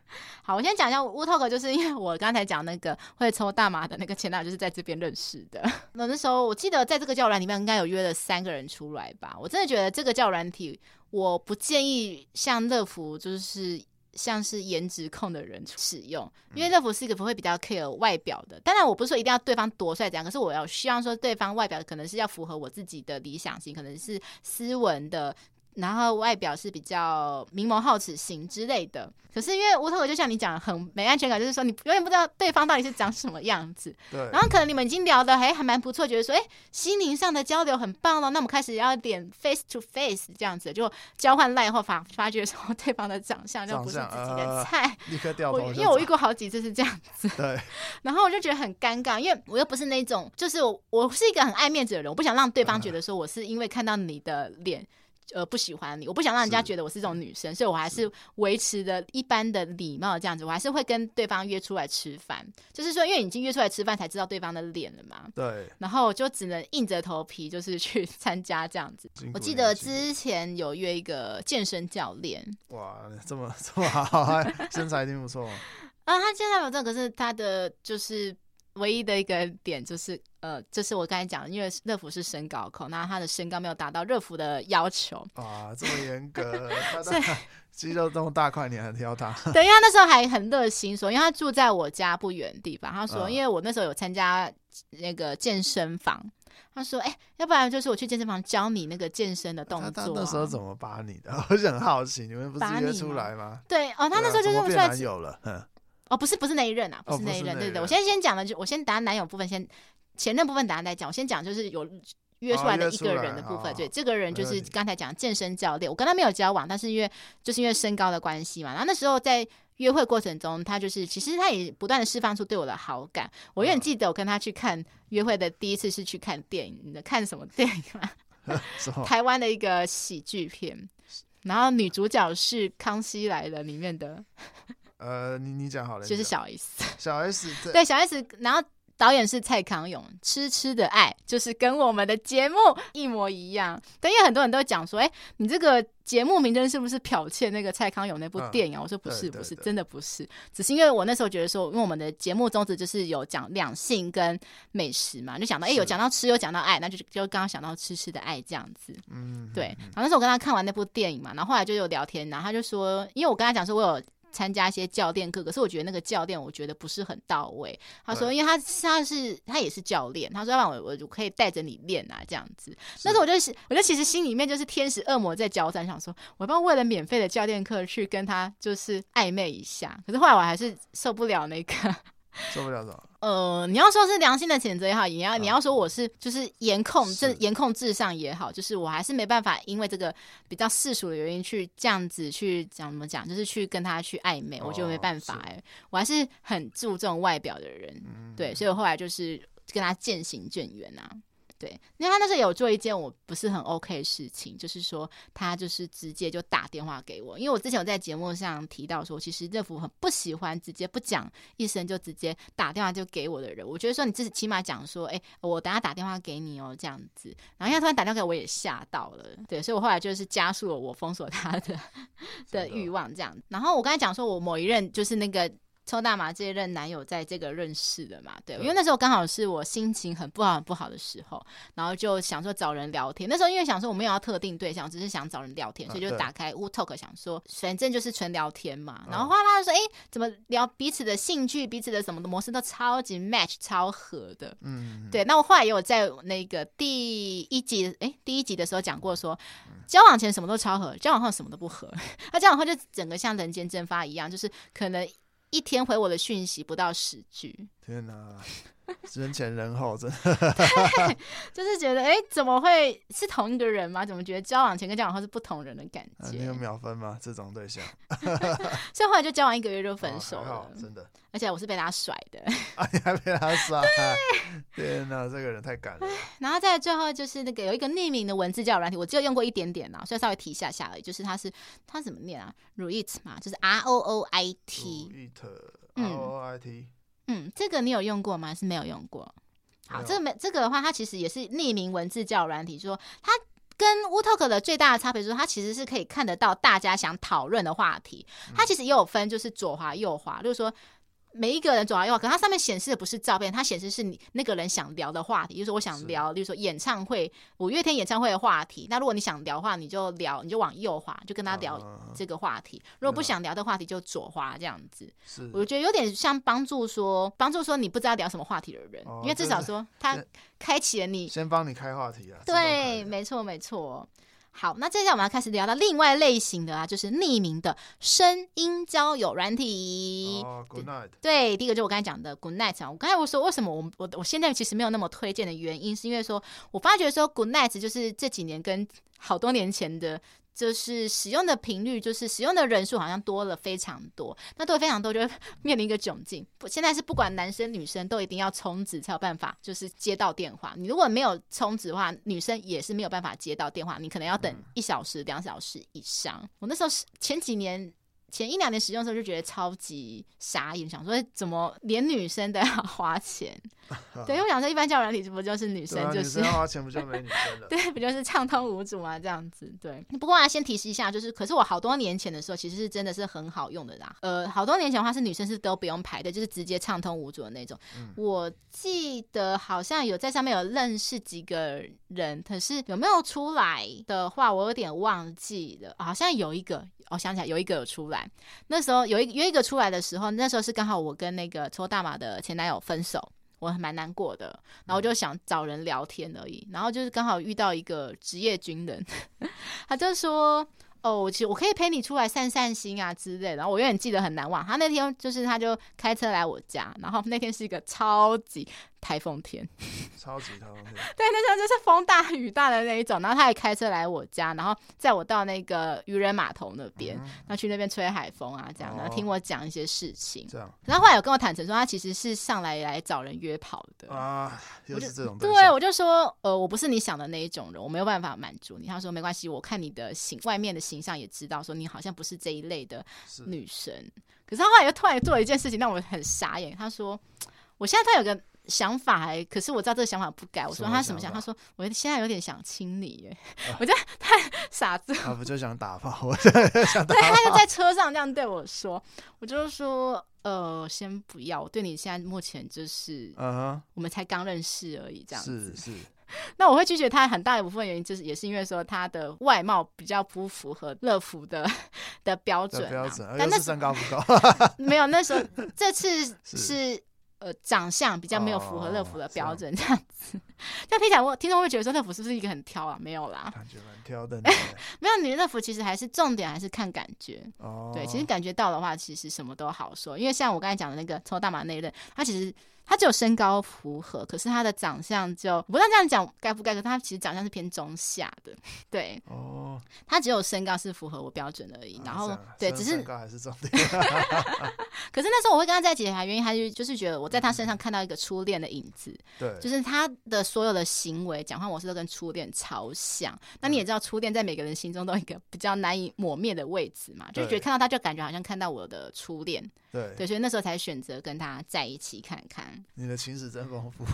好，我先講一下 Wootalk，就是因為我剛才講那個會抽大麻的那個前男友就是在這邊認識的。那那時候我記得在這個交軟裡面應該有約了三個人出來吧。我真的覺得這個交軟體我不建議像樂芙，就是像是顏值控的人使用，因為樂芙是一個不會比較 care 外表的。當然我不是說一定要對方多帥怎樣，可是我要希望說，對方外表可能是要符合我自己的理想型，可能是斯文的。然後外表是比較明眸皓齒型之類的，可是因為無頭，就像你講，很沒安全感，就是說你永遠不知道對方到底是長什麼樣子。對。然後可能你們已經聊的還還蠻不錯，覺得說，哎，心靈上的交流很棒哦。那我們開始要點 face to face 這樣子，就交換賴後發發覺說對方的長相就不是自己的菜，呃、我，我因為我遇過好幾次是這樣子，對。然後我就覺得很尷尬，因為我又不是那種，就是我，我是一個很愛面子的人，我不想讓對方覺得說我是因為看到你的臉。呃，不喜歡你，我不想讓人家覺得我是這種女生，所以我還是維持着一般的禮貌這樣子。我還是會跟對方約出來吃飯，就是說，因為你已經約出來吃飯才知道對方的臉了嘛。對，然後就只能硬着頭皮，就是去參加這樣子。我記得之前有約一個健身教練，哇，這麼這麼好、欸， 身材挺不錯啊、 呃！他現在有這種，可是他的就是。唯一的一個點就是，呃，就是我剛才講，因為樂芙是身高控，那他的身高沒有達到樂芙的要求啊，這麼嚴格， 他肌肉這麼大塊，你還挑他？對，因為他那時候還很熱心，說，因為他住在我家不遠的地方，他說，因為我那時候有參加那個健身房，嗯、他說，哎、欸，要不然就是我去健身房教你那個健身的動作、啊。他那時候怎麼把你的？我就很好奇，你們不是約出來嗎？對哦，他那時候就弄出來有了，哦，不是，不是那一任啊，不是那一任，哦、一任對的。我先先講的就，我先答男友部分，先前任部分等下再講。我先講就是有約出來的一個人的部分，哦、對好好，這個人就是剛才講健身教練。我跟他沒有交往，但是因為就是因為身高的關係嘛。然後那時候在約會過程中，他就是其實他也不斷的釋放出對我的好感。我永遠記得，我跟他去看約會的第一次是去看電影，嗯、你看什麼電影嗎？ 是什麼？台灣的一個喜劇片，然後女主角是《康熙來了》裡面的。 呃，你你講好了，就是小 S，小 S 對，對小 S，然後導演是蔡康永，《吃吃的愛》就是跟我們的節目一模一樣。但因為很多人都講說，哎、欸，你這個節目名稱是不是剽竊那個蔡康永那部電影？嗯、我說不是，對對對不是，真的不是，只是因為我那時候覺得說，因為我們的節目宗旨就是有講兩性跟美食嘛，就想到哎、欸、有講到吃，有講到愛，那就就剛剛想到《吃吃的愛》這樣子。嗯，對。然後那時候我跟他看完那部電影嘛，然後後來就有聊天，然後他就說，因為我跟他講說，我有。參加一些教練課，可是我覺得那個教練我覺得不是很到位。他說，因為他是他是他也是教練，他說要不然我我我可以帶着你練啊這樣子是。那時候我就是，我就其實心裡面就是天使惡魔在交戰，想說我不要為了免費的教練課去跟他就是曖昧一下，可是後來我還是受不了那個。 做不了，什麼？呃，你要說是良心的譴責也好，也要、嗯、你要說我是就是顏控，這顏控至上也好，就是我還是沒辦法，因為這個比較世俗的原因，去這樣子去講怎麼講，就是去跟他去曖昧、哦，我就沒辦法哎、欸，我還是很注重外表的人，嗯、對，所以我後來就是跟他漸行漸遠啊。對，因為他那時候有做一件我不是很 OK 的事情，就是說他就是直接就打電話給我，因為我之前有在節目上提到說，其實樂芙很不喜歡直接不講一聲就直接打電話就給我的人。我覺得說你至少起碼講說，哎、欸，我等下打電話給你哦、喔，這樣子。然後因為他突然打電話給我，也嚇到了。對，所以我後來就是加速了我封鎖他的的， 的欲望這樣子。然後我剛才講說我某一任就是那個。抽大麻這一任男友，在這個認識的嘛，對，因為那時候剛好是我心情很不好、很不好的時候，然後就想說找人聊天。那時候因為想說我沒有要特定對象，只是想找人聊天，啊、所以就打開 WooTalk 想說反正就是純聊天嘛。哦、然後後來他就說：“哎，怎麼聊彼此的興趣、彼此的什麼的模式都超級 match，超合的。嗯”嗯，對。那我後來也有在那個第一集，哎，第一集的時候講過說，交往前什麼都超合，交往後什麼都不合。那、 啊、交往後就整個像人間蒸發一樣，就是可能。一天回我的訊息不到十句。天哪。人前人後，真的 就是覺得哎、欸，怎麼會是同一個人嗎？怎麼覺得交往前跟交往後是不同人的感覺？沒、啊、有秒分嗎？這種對象， 所以後來就交往一個月就分手了，啊，真的。而且我是被他甩的，啊，你還被他甩？對，天哪，這個人太敢了。 然後在最後就是那個有一個匿名的文字交友軟體，我只有用過一點點吶，所以稍微提一下下而已。就是他是他是怎麼念啊？Ruit 嘛，Root, 就是 R -O, -O R, -O R o I T。Ruit，R O O I T。嗯，這個你有用過嗎？還是沒有用過？好，沒這沒、個、這個的話，它其實也是匿名文字叫軟體。就是、說它跟 WooTalk 的最大的差別是，它其實是可以看得到大家想討論的話題。它其實也有分，就是左滑右滑，就、嗯、是說。每一個人左滑右滑，可它上面顯示的不是照片，它顯示是你那個人想聊的話題。就是說，我想聊，比如說演唱會，五月天演唱會的話題。那如果你想聊的話，你就聊，你就往右滑，就跟他聊這個話題。啊、如果不想聊的話題，就左滑這樣子。我覺得有點像幫助說，幫助說你不知道聊什麼話題的人，啊、因為至少說他開啟了你。先幫你開話題啊！對，沒錯，沒錯。沒錯好，那接下來我們要開始聊到另外類型的啊，就是匿名的聲音交友軟體。Oh,，good night 對。對，第一個就是我剛才講的 Goodnight。我剛才我說為什麼我我我現在其實沒有那麼推薦的原因，是因為說我發覺說 Goodnight 就是這幾年跟好多年前的。就是使用的頻率，就是使用的人數好像多了非常多。那多了非常多，就會面臨一個窘境。不，現在是不管男生女生都一定要充值才有辦法，就是接到電話。你如果沒有充值的話，女生也是沒有辦法接到電話，你可能要等一小時、兩小時以上。我那時候是前幾年。前一兩年使用的時候就覺得超級傻眼，想說怎麼連女生都要花錢？ 對，因為我想說，一般叫人體直播就是女生， 啊、就是女生花錢不就沒女生了？ 對，不就是暢通無阻嘛？這樣子對。不過我要、啊、先提示一下，就是可是我好多年前的時候，其實是真的是很好用的啦。呃，好多年前的話是女生是都不用排隊，就是直接暢通無阻的那種、嗯。我記得好像有在上面有認識幾個人，可是有沒有出來的話，我有點忘記了。好、哦、像有一個，我、哦、想起來有一個有出來。那時候有一約一個出來的時候，那時候是剛好我跟那個抽大麻的前男友分手，我還蠻難過的，然後我就想找人聊天而已，然後就是剛好遇到一個職業軍人， 他就說：“哦，我其實我可以陪你出來散散心啊之類的。”然後我有點記得很難忘，他那天就是他就開車來我家，然後那天是一個超級。台風天， 天，超級台風天。對，那時候就是風大雨大的那一種。然後他還開車來我家，然後載我到那個漁人碼頭那邊，嗯，然後去那邊吹海風啊，這樣、哦。然後聽我講一些事情。然後後來有跟我坦誠說，他其實是上來來找人約跑的。啊，就是這種。對，我就說，呃，我不是你想的那一種人，我沒有辦法滿足你。他說沒關係，我看你的形，外面的形象也知道，說你好像不是這一類的女生。可是他後來又突然做了一件事情，讓我很傻眼。他說，我現在他有個想法哎，可是我知道這個想法不該。我說他什麼想法什麼想法？他說我現在有點想親你耶、呃，我覺得太傻子。他不就想打發我？對， 他就在車上這樣對我說。我就是說，呃，先不要，對你現在目前就是，嗯，我們才剛認識而已，這樣、呃、是是。那我會拒絕他很大一部分原因，就是也是因為說他的外貌比較不符合樂芙的的標準、啊、標準。但那是身高不高， 沒有，那時候這次是，是。呃，長相比較沒有符合樂芙的標準，oh, 這樣子，那、啊、聽起來我聽眾會覺得說樂芙是不是一個很挑啊？沒有啦，感覺很挑的、欸、沒有，你樂芙其實還是重點還是看感覺，oh. 對，其實感覺到的話，其實什麼都好說，因為像我剛才講的那個抽大麻那一類，他其實。他只有身高符合，可是他的長相就，不知道這樣講該不該，可是他其實長相是偏中下的，對，哦，他只有身高是符合我標準而已，然後、啊、這樣對，只是高還是中， 可是那時候我會跟他在一起，釋，原因他就就是覺得我在他身上看到一個初戀的影子，對、嗯，就是他的所有的行為、講話模式都跟初戀超像，那你也知道初戀在每個人心中都有一個比較難以抹滅的位置嘛，就是、覺得看到他就感覺好像看到我的初戀。對，所以那時候才選擇跟他在一起看看。你的情史真豐富，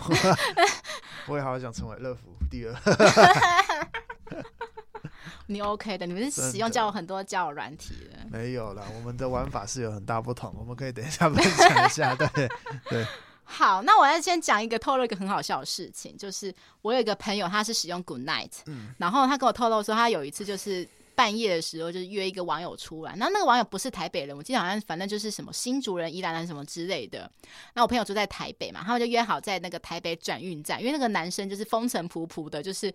我也好想成為樂芙第二。 你 OK 的，你們是使用教我很多交友軟體的、的。沒有啦，我們的玩法是有很大不同，我們可以等一下分享一下。 對對。好，那我要先講一個透露一個很好笑的事情，就是我有一個朋友，他是使用 Good Night，、嗯、然後他跟我透露說，他有一次就是。半夜的時候，就是約一個網友出來，然後那個網友不是台北人，我記得好像反正就是什麼新竹人、宜蘭人什麼之類的。那我朋友住在台北嘛，他們就約好在那個台北轉運站，因為那個男生就是風塵僕僕的，就是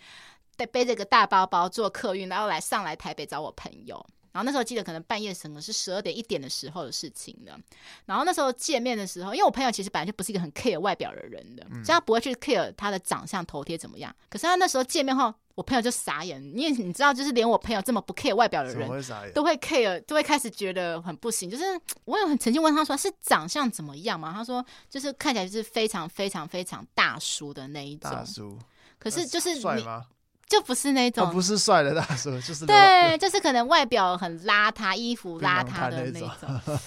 背背着個大包包坐客運，然後來上來台北找我朋友。然後那時候記得可能半夜什麼，是十二點一點的時候的事情的。然後那時候見面的時候，因為我朋友其實本來就不是一個很 care 外表的人的，所以他不會去 care 他的長相、頭貼怎麼樣。可是他那時候見面後，我朋友就傻眼，因為你知道，就是連我朋友這麼不 care 外表的人都會 care，都會開始覺得很不行。就是我有很曾經問他說，他是長相怎麼樣嗎？他說就是看起來就是非常非常非常大叔的那一種。可是就是你。就不是那種，啊、不是帥的大叔，就是那種， 對，就是可能外表很邋遢，衣服邋遢的那種，那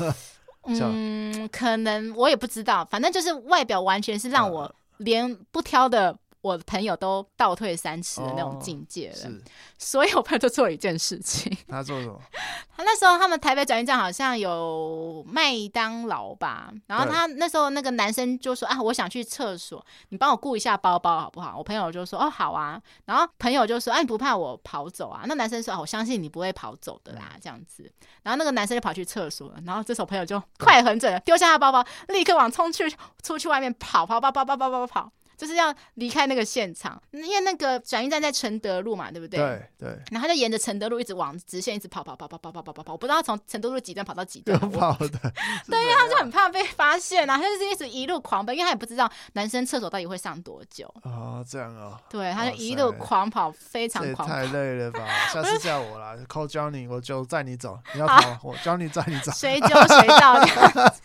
種 笑。嗯，可能我也不知道，反正就是外表完全是讓我連不挑的。呃我的朋友都倒退三尺的那種境界了，哦、所以我朋友就做了一件事情。他做什麼？ 他那時候他們台北轉運站好像有麥當勞吧，然後他那時候那個男生就說：“啊，我想去廁所，你幫我顧一下包包好不好？”我朋友就說：“哦，好啊。”然後朋友就說：“啊，你不怕我跑走啊？”那男生說：“啊、我相信你不會跑走的啦，嗯、這樣子。”然後那個男生就跑去廁所了，然後這時候朋友就快狠準了，丟、嗯、下他包包，立刻往衝去出去外面跑跑跑跑跑跑跑跑。跑跑跑跑跑跑跑就是要離開那個現場，因為那個轉運站在承德路嘛，對不對？對對。然後他就沿着承德路一直往直線一直跑，跑跑跑跑跑跑跑跑跑，我不知道從承德路幾段跑到幾段跑的。的 對，因為他就很怕被發現啊，他就是一直一路狂奔，因為他也不知道男生廁所到底會上多久。哦，這樣哦。對，他就一路狂跑，非常狂跑。太累了吧？下次叫我來 Call Johnny，我就載你走。你要跑， 我 Johnny 載你走，隨叫隨到。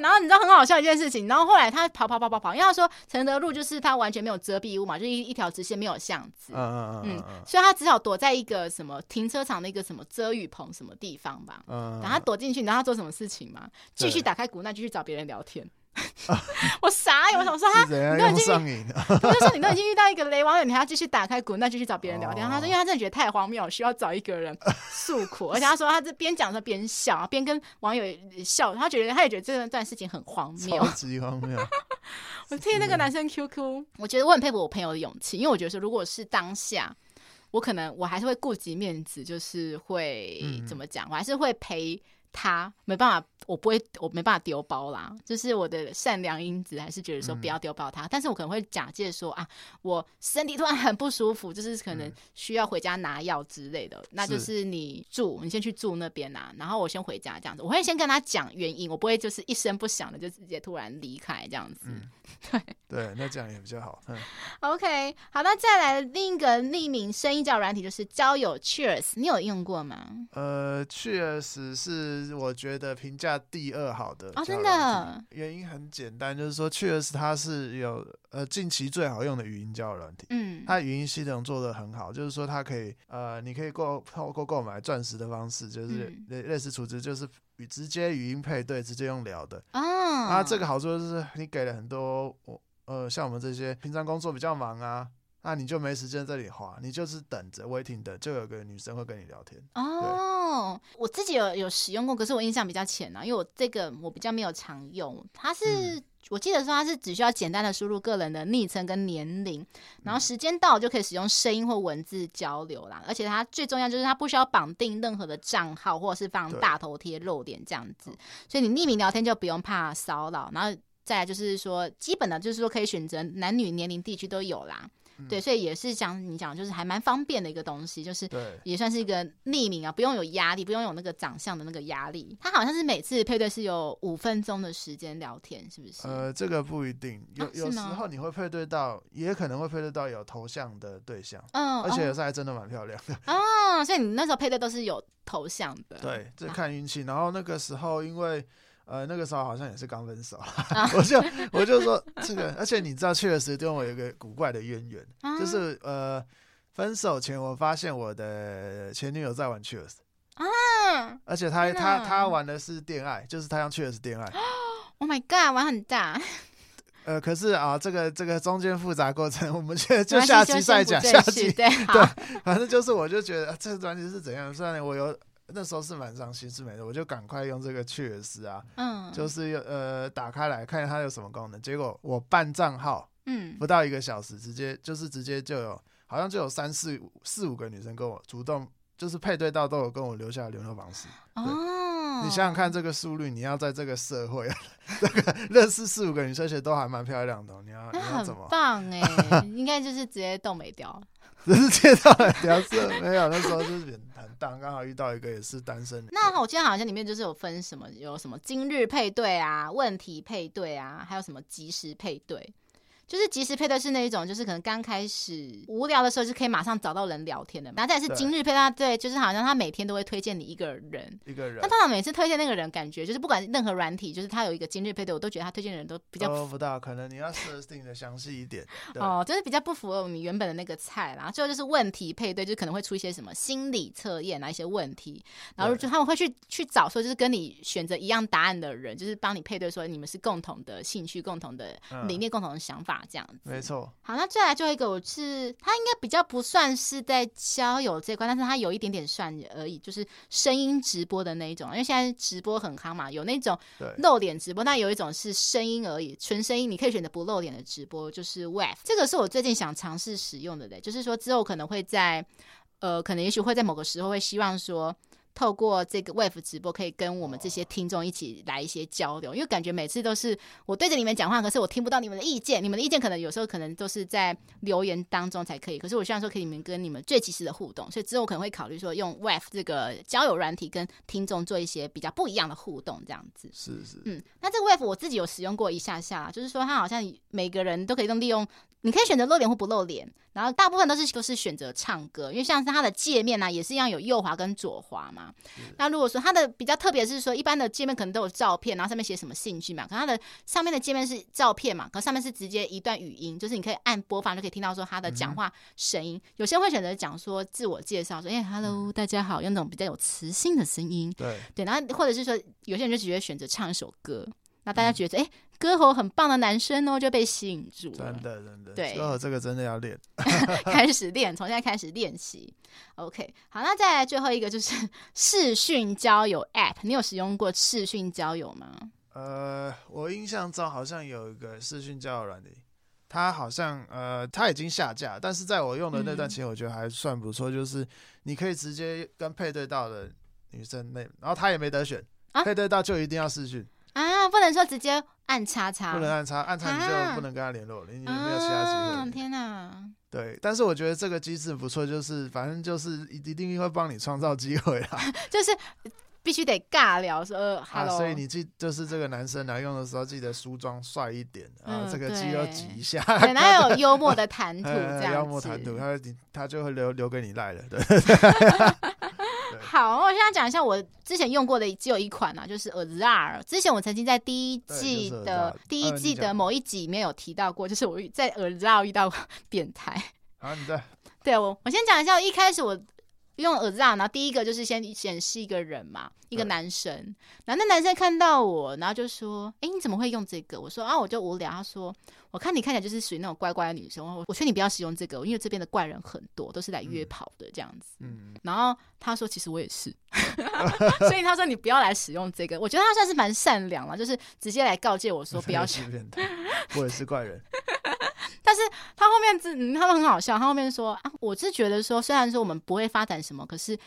然後你知道很好笑一件事情，然後後來他跑跑跑跑跑，因為他說承德路就是他完全沒有遮蔽物嘛，就一一條直線沒有巷子，uh, 嗯所以他只好躲在一個什麼停車場那個什麼遮雨棚什麼地方吧，uh, 然後他躲進去，你知道他做什麼事情嗎？繼續打開谷奈繼續找別人聊天。 啊、我傻呀！我想說他你，你都已經，就說、是、你都已經遇到一個雷網友， 你還要繼續打開滾，那就去找別人聊天。哦、他說，因為他真的覺得太荒謬，需要找一個人訴苦、啊。而且他說，他這邊講着邊笑，邊 跟網友笑，他覺得他也覺得這段事情很荒謬，超級荒謬。 我聽那個男生 QQ，我覺得我很佩服我朋友的勇氣，因為我覺得說，如果是當下，我可能我還是會顧及面子，就是會、嗯、怎麼講，我還是會陪。他沒辦法，我不會，我沒辦法丟包啦。就是我的善良因子，還是覺得說不要丟包他、嗯。但是我可能會假借說啊，我身體突然很不舒服，就是可能需要回家拿藥之類的、嗯。那就是你住，你先去住那邊啊，然後我先回家這樣子。我會先跟他講原因，我不會就是一聲不響的就直接突然離開這樣子。對、嗯， 對，那這樣也比較好、嗯。OK，好，那再來另一個匿名聲音叫軟體，就是交友 Cheers，你有用過嗎？呃，Cheers 是。我覺得評價第二好的真的原因很簡單，就是說確實它是有呃近期最好用的語音交友軟體，嗯，它的語音系統做得很好，就是說它可以呃，你可以購透過購買鑽石的方式，就是類似儲值，就是與直接語音配對，直接用聊的啊，啊，這個好處就是你給了很多我呃，像我們這些平常工作比較忙啊。那、啊、你就沒時間這裡花，你就是等着，waiting 等著，就有個女生會跟你聊天哦。我自己有有使用過，可是我印象比較淺啦，因為我這個我比較沒有常用。它是，嗯、我記得說它是只需要簡單的輸入個人的昵稱跟年齡，然後時間到了就可以使用聲音或文字交流啦、嗯。而且它最重要就是它不需要綁定任何的賬號，或者是放大頭貼露臉這樣子，所以你匿名聊天就不用怕騷擾。然後再來就是說，基本的就是說可以選擇男女、年齡、地區都有啦。嗯、對，所以也是講你講，就是還蠻方便的一個東西，就是也算是一個匿名啊，不用有壓力，不用有那個長相的那個壓力。他好像是每次配對是有五分鐘的時間聊天，是不是？呃，這個不一定，嗯、有有時候你會配對到、啊，也可能會配對到有頭像的對象，嗯，而且有時候還真的蠻漂亮的、哦、 啊。所以你那時候配對都是有頭像的，對，這看運氣、啊。然後那個時候因為。呃，那個時候好像也是剛分手，啊、 我就我就說這個，而且你知道，Cheers 對我有個古怪的淵源，啊、就是呃，分手前我發現我的前女友在玩 Cheers，啊，而且她她她玩的是電愛，就是她用 Cheers 電愛，Oh、哦、my god，玩很大，呃，可是啊、呃，這個這個中間複雜過程，我們先就下期再講，下期對對，反正就是我就覺得、啊、這個專輯是怎樣，雖然我有。那時候是蠻傷心，是沒的，我就趕快用這個 Cheers 啊，嗯，就是呃打開來看它有什麼功能，結果我辦賬號，嗯，不到一個小時，直接就是直接就有，好像就有三四四五個女生跟我主動就是配對到，都有跟我留下聯絡方式，哦，你想想看這個速率，你要在這個社會， 這個認識四五個女生其實都還蠻漂亮的，你要，那很棒哎、欸， 應該就是直接凍沒掉。只是介紹聊天， 沒有，那時候就是很很淡、淡，剛 好遇到一個也是單身。那我記得好像裡面就是有分什麼，有什麼今日配對啊，問題配對啊，還有什麼即時配對。就是即時配對是那一種，就是可能剛開始無聊的時候是可以馬上找到人聊天的嘛。那但是今日配對，對，對，就是好像他每天都會推薦你一個人。一個人。那通常每次推薦那個人，感覺就是不管是任何軟體，就是他有一個今日配對，我都覺得他推薦的人都比較。不符合到，可能你要設定的詳細一點。哦，就是比較不符合我們原本的那個菜。然後最後就是問題配對，就可能會出一些什麼心理測驗，哪一些問題。然後就他們會去去找說，就是跟你選擇一樣答案的人，就是幫你配對，說你們是共同的興趣、共同的理念、嗯、共同的想法，這樣子，沒錯。好，那再來最後一個，我是他應該比較不算是在交友這塊，但是他有一點點算而已，就是聲音直播的那一種，因為現在直播很夯嘛，有那種露臉直播，但有一種是聲音而已，純聲音，你可以選擇不露臉的直播，就是 Web，這個是我最近想嘗試使用的，對，就是說之後可能會在，呃，可能也許會在某個時候會希望說。透過這個 w e f h 直播，可以跟我們這些聽眾一起來一些交流，因為感覺每次都是我對着你們講話，可是我聽不到你們的意見，你們的意見可能有時候可能都是在留言當中才可以。可是我希望說可以跟你們最及時的互動，所以之後我可能會考慮說用 w e f h 這個交友軟體跟聽眾做一些比較不一樣的互動，這樣子。是是，嗯，那這個 w e f h 我自己有使用過一下下啦，就是說它好像每個人都可以用利用。你可以選擇露臉或不露臉，然後大部分都是都是選擇唱歌，因為像是它的界面呢、啊，也是一樣有右滑跟左滑嘛。那如果說它的比較特別是說一般的界面可能都有照片，然後上面寫什麼興趣嘛，可它的上面的界面是照片嘛，可上面是直接一段語音，就是你可以按播放就可以聽到說他的講話聲音。嗯嗯，有些人會選擇講說自我介紹，說、欸、哎 hello 大家好，用那種比較有磁性的聲音。對對，然後或者是說有些人就直接選擇唱一首歌。那大家覺得，哎、嗯欸，歌喉很棒的男生哦，就被吸引住了。真的，真的。對，哦，歌喉這個真的要練。 開始練，從現在開始練習。OK，好，那再來最後一個，就是視訊交友 App。你有使用過視訊交友嗎？呃，我印象中好像有一個視訊交友軟體，它好像呃，它已經下架。但是在我用的那段期間，我覺得還算不錯、嗯，就是你可以直接跟配對到的女生妹，然後她也沒得選，啊、配對到就一定要視訊。啊嗯啊，不能說直接按叉叉，不能按叉，按叉你就不能跟他聯絡了、啊，你沒有其他機會、啊。天哪！對，但是我覺得這個機制不錯，就是反正就是一定會幫你創造機會啦。 就是必須得尬聊說，呃、啊、Hello，所以你記，就是這個男生來用的時候，記得梳妝帥一點啊、嗯，這個肌肉擠一下，本來要 有幽默的談吐，這樣幽、 嗯、默談吐，他就會他就會留留給你賴了。對。 好，我現在講一下我之前用過的只有一款啊，就是 Azar。之前我曾經在第一季的、就是、第一季的某一集裡面有提到過，哎、就是我在 Azar 遇到變態。啊，你在？對，我我先講一下，我一開始我。用耳朵啊，然後第一個就是先顯示一個人嘛，一個男生。然後那男生看到我，然後就說：“哎，你怎麼會用這個？”我說：“啊，我就無聊。”他說：“我看你看起來就是屬於那種乖乖的女生我，我勸你不要使用這個，因為這邊的怪人很多，都是來約炮的、嗯、這樣子。”嗯，然後他說：“其實我也是。 ” 所以他說：“你不要來使用這個。”我覺得他算是蠻善良了，就是直接來告誡我說 ：“不要使用。”我也是怪人。 但是他後面是、嗯，他們很好笑。他後面說啊，我是覺得說，雖然說我們不會發展什麼，可是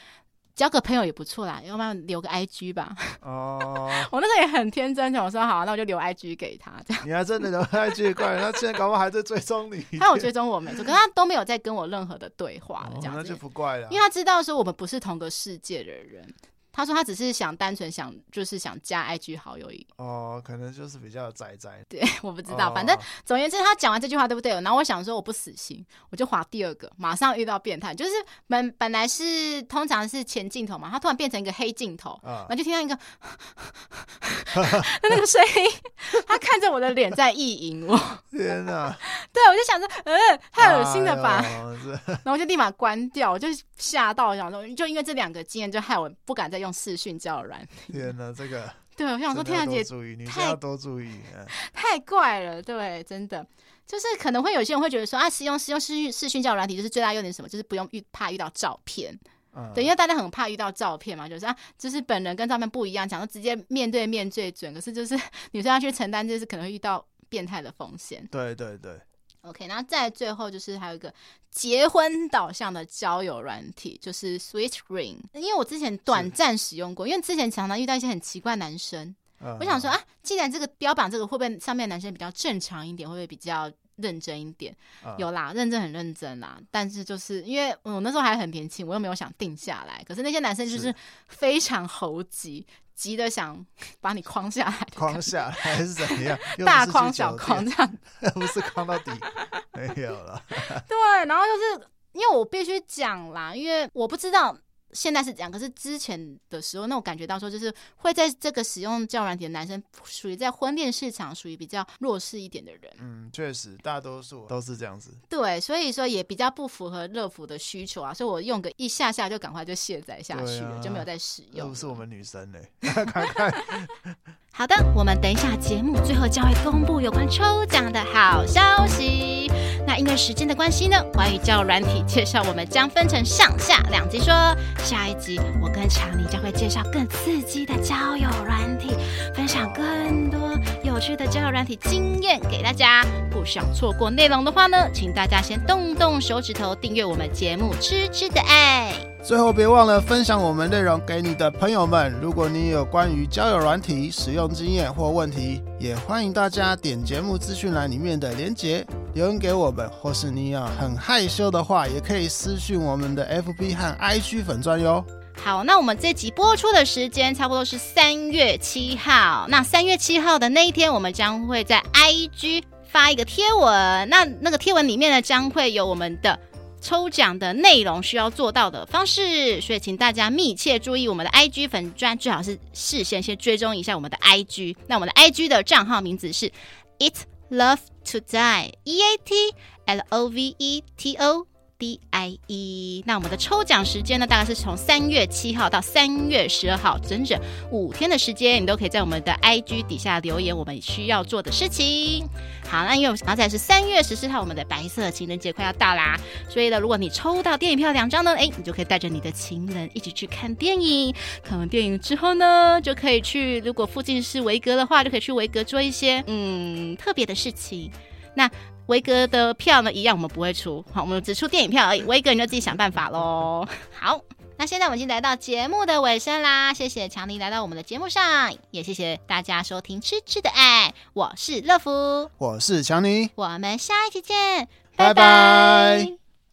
交個朋友也不錯啦，要不然留個 I G 吧。哦、oh. 我那時候也很天真，我說好、啊，那我就留 I G 給他，這樣。你還真的留 I G 怪人，他現在搞不好還在追蹤你。他有追蹤我沒錯，可是他都沒有再跟我任何的對話了，這樣、oh, 那就不怪了，因為他知道說我們不是同個世界的人。他說他只是想單純想就是想加 IG 好友而已哦，可能就是比較宅宅。對，我不知道，哦、反正總而言之，他講完這句話對不對？然後我想說我不死心，我就滑第二個，馬上遇到變態，就是本本來是通常是前鏡頭嘛，他突然變成一個黑鏡頭，嗯、哦，然後就聽到一個 他那個聲音，他看着我的臉在意淫我。天哪、啊！ 對，我就想說，嗯，太惡心了吧、哎？然後我就立馬關掉，我就嚇到，想說就因為這兩個經驗，就害我不敢再。用視訊交友軟體，天、啊、這個對我想說，天狼姐，你要多注意，多注意太、欸，太怪了，對，真的就是可能會有些人會覺得說啊，使用使用視訊視訊交友軟體，就是最大優點是什麼，就是不用遇怕遇到照片、嗯，對，因為大家很怕遇到照片嘛，就是啊，就是本人跟照片不一樣，講說直接面對面最準，可是就是女生要去承擔，就是可能會遇到變態的風險，對對對。OK，那再最後就是還有一個結婚導向的交友軟體，就是 Sweet Ring，因為我之前短暫使用過，因為之前常常遇到一些很奇怪的男生，呃，我想說啊，既然這個標榜這個，會不會上面的男生比較正常一點？會不會比較？認真一點，嗯，有啦，認真很認真啦，但是就是因為我那時候還很年輕，我又沒有想定下來，可是那些男生就是非常猴急，急的想把你框下來，框下來還是怎樣， 大框小框這樣，不是框到底，沒有啦了。 對，然後就是因為我必須講啦，因為我不知道。現在是這樣，可是之前的時候，那我感覺到說，就是會在這個使用交友軟體的男生，屬於在婚戀市場屬於比較弱勢一點的人。嗯，確實，大多數都是這樣子。對，所以說也比較不符合樂芙的需求啊，所以我用個一下下就趕快就卸載下去了，啊，就沒有再使用。又不是我們女生嘞，趕快！好的，我們等一下節目最後將會公布有關抽獎的好消息。那因為時間的關係呢，關於交友軟體介紹，我們將分成上下兩集說。下一集我跟強尼將會介紹更刺激的交友軟體，分享更多有趣的交友軟體經驗給大家。不想錯過內容的話呢，請大家先動動手指頭訂閱我們節目，吃吃的愛。最後別忘了分享我們內容給你的朋友們。如果你有關於交友軟體使用經驗或問題，也歡迎大家點節目資訊欄裡面的連結留言給我們，或是你要很害羞的話，也可以私訊我們的 FB 和 IG 粉專喲。好，那我們這集播出的時間差不多是三月七號。那三月七號的那一天，我們將會在 IG 發一個貼文。那那個貼文裡面呢，將會有我們的。抽獎的內容，需要做到的方式，所以請大家密切注意我們的 IG 粉專，最好是事先先追蹤一下我們的 IG。那我們的 IG 的賬號名字是 Eat Love To Die，E A T L O V E T O。D I E，那我們的抽獎時間呢，大概是從三月七號到三月十二號，整整五天的時間，你都可以在我們的 I G 底下留言，我們需要做的事情。好，那因為我想剛才是三月十四號，我們的白色情人節快要到啦，所以呢，如果你抽到電影票兩張呢，誒，你就可以帶着你的情人一起去看電影。看完電影之後呢，就可以去，如果附近是維格的話，就可以去維格做一些嗯特別的事情。那。威哥的票呢，一樣我們不會出，好，我們只出電影票而已。威哥，你就自己想辦法嘍。好，那現在我們已經來到節目的尾聲啦，謝謝強尼來到我們的節目上，也謝謝大家收聽《吃吃的愛》，我是樂芙，我是強尼，我們下一期見，拜拜。拜拜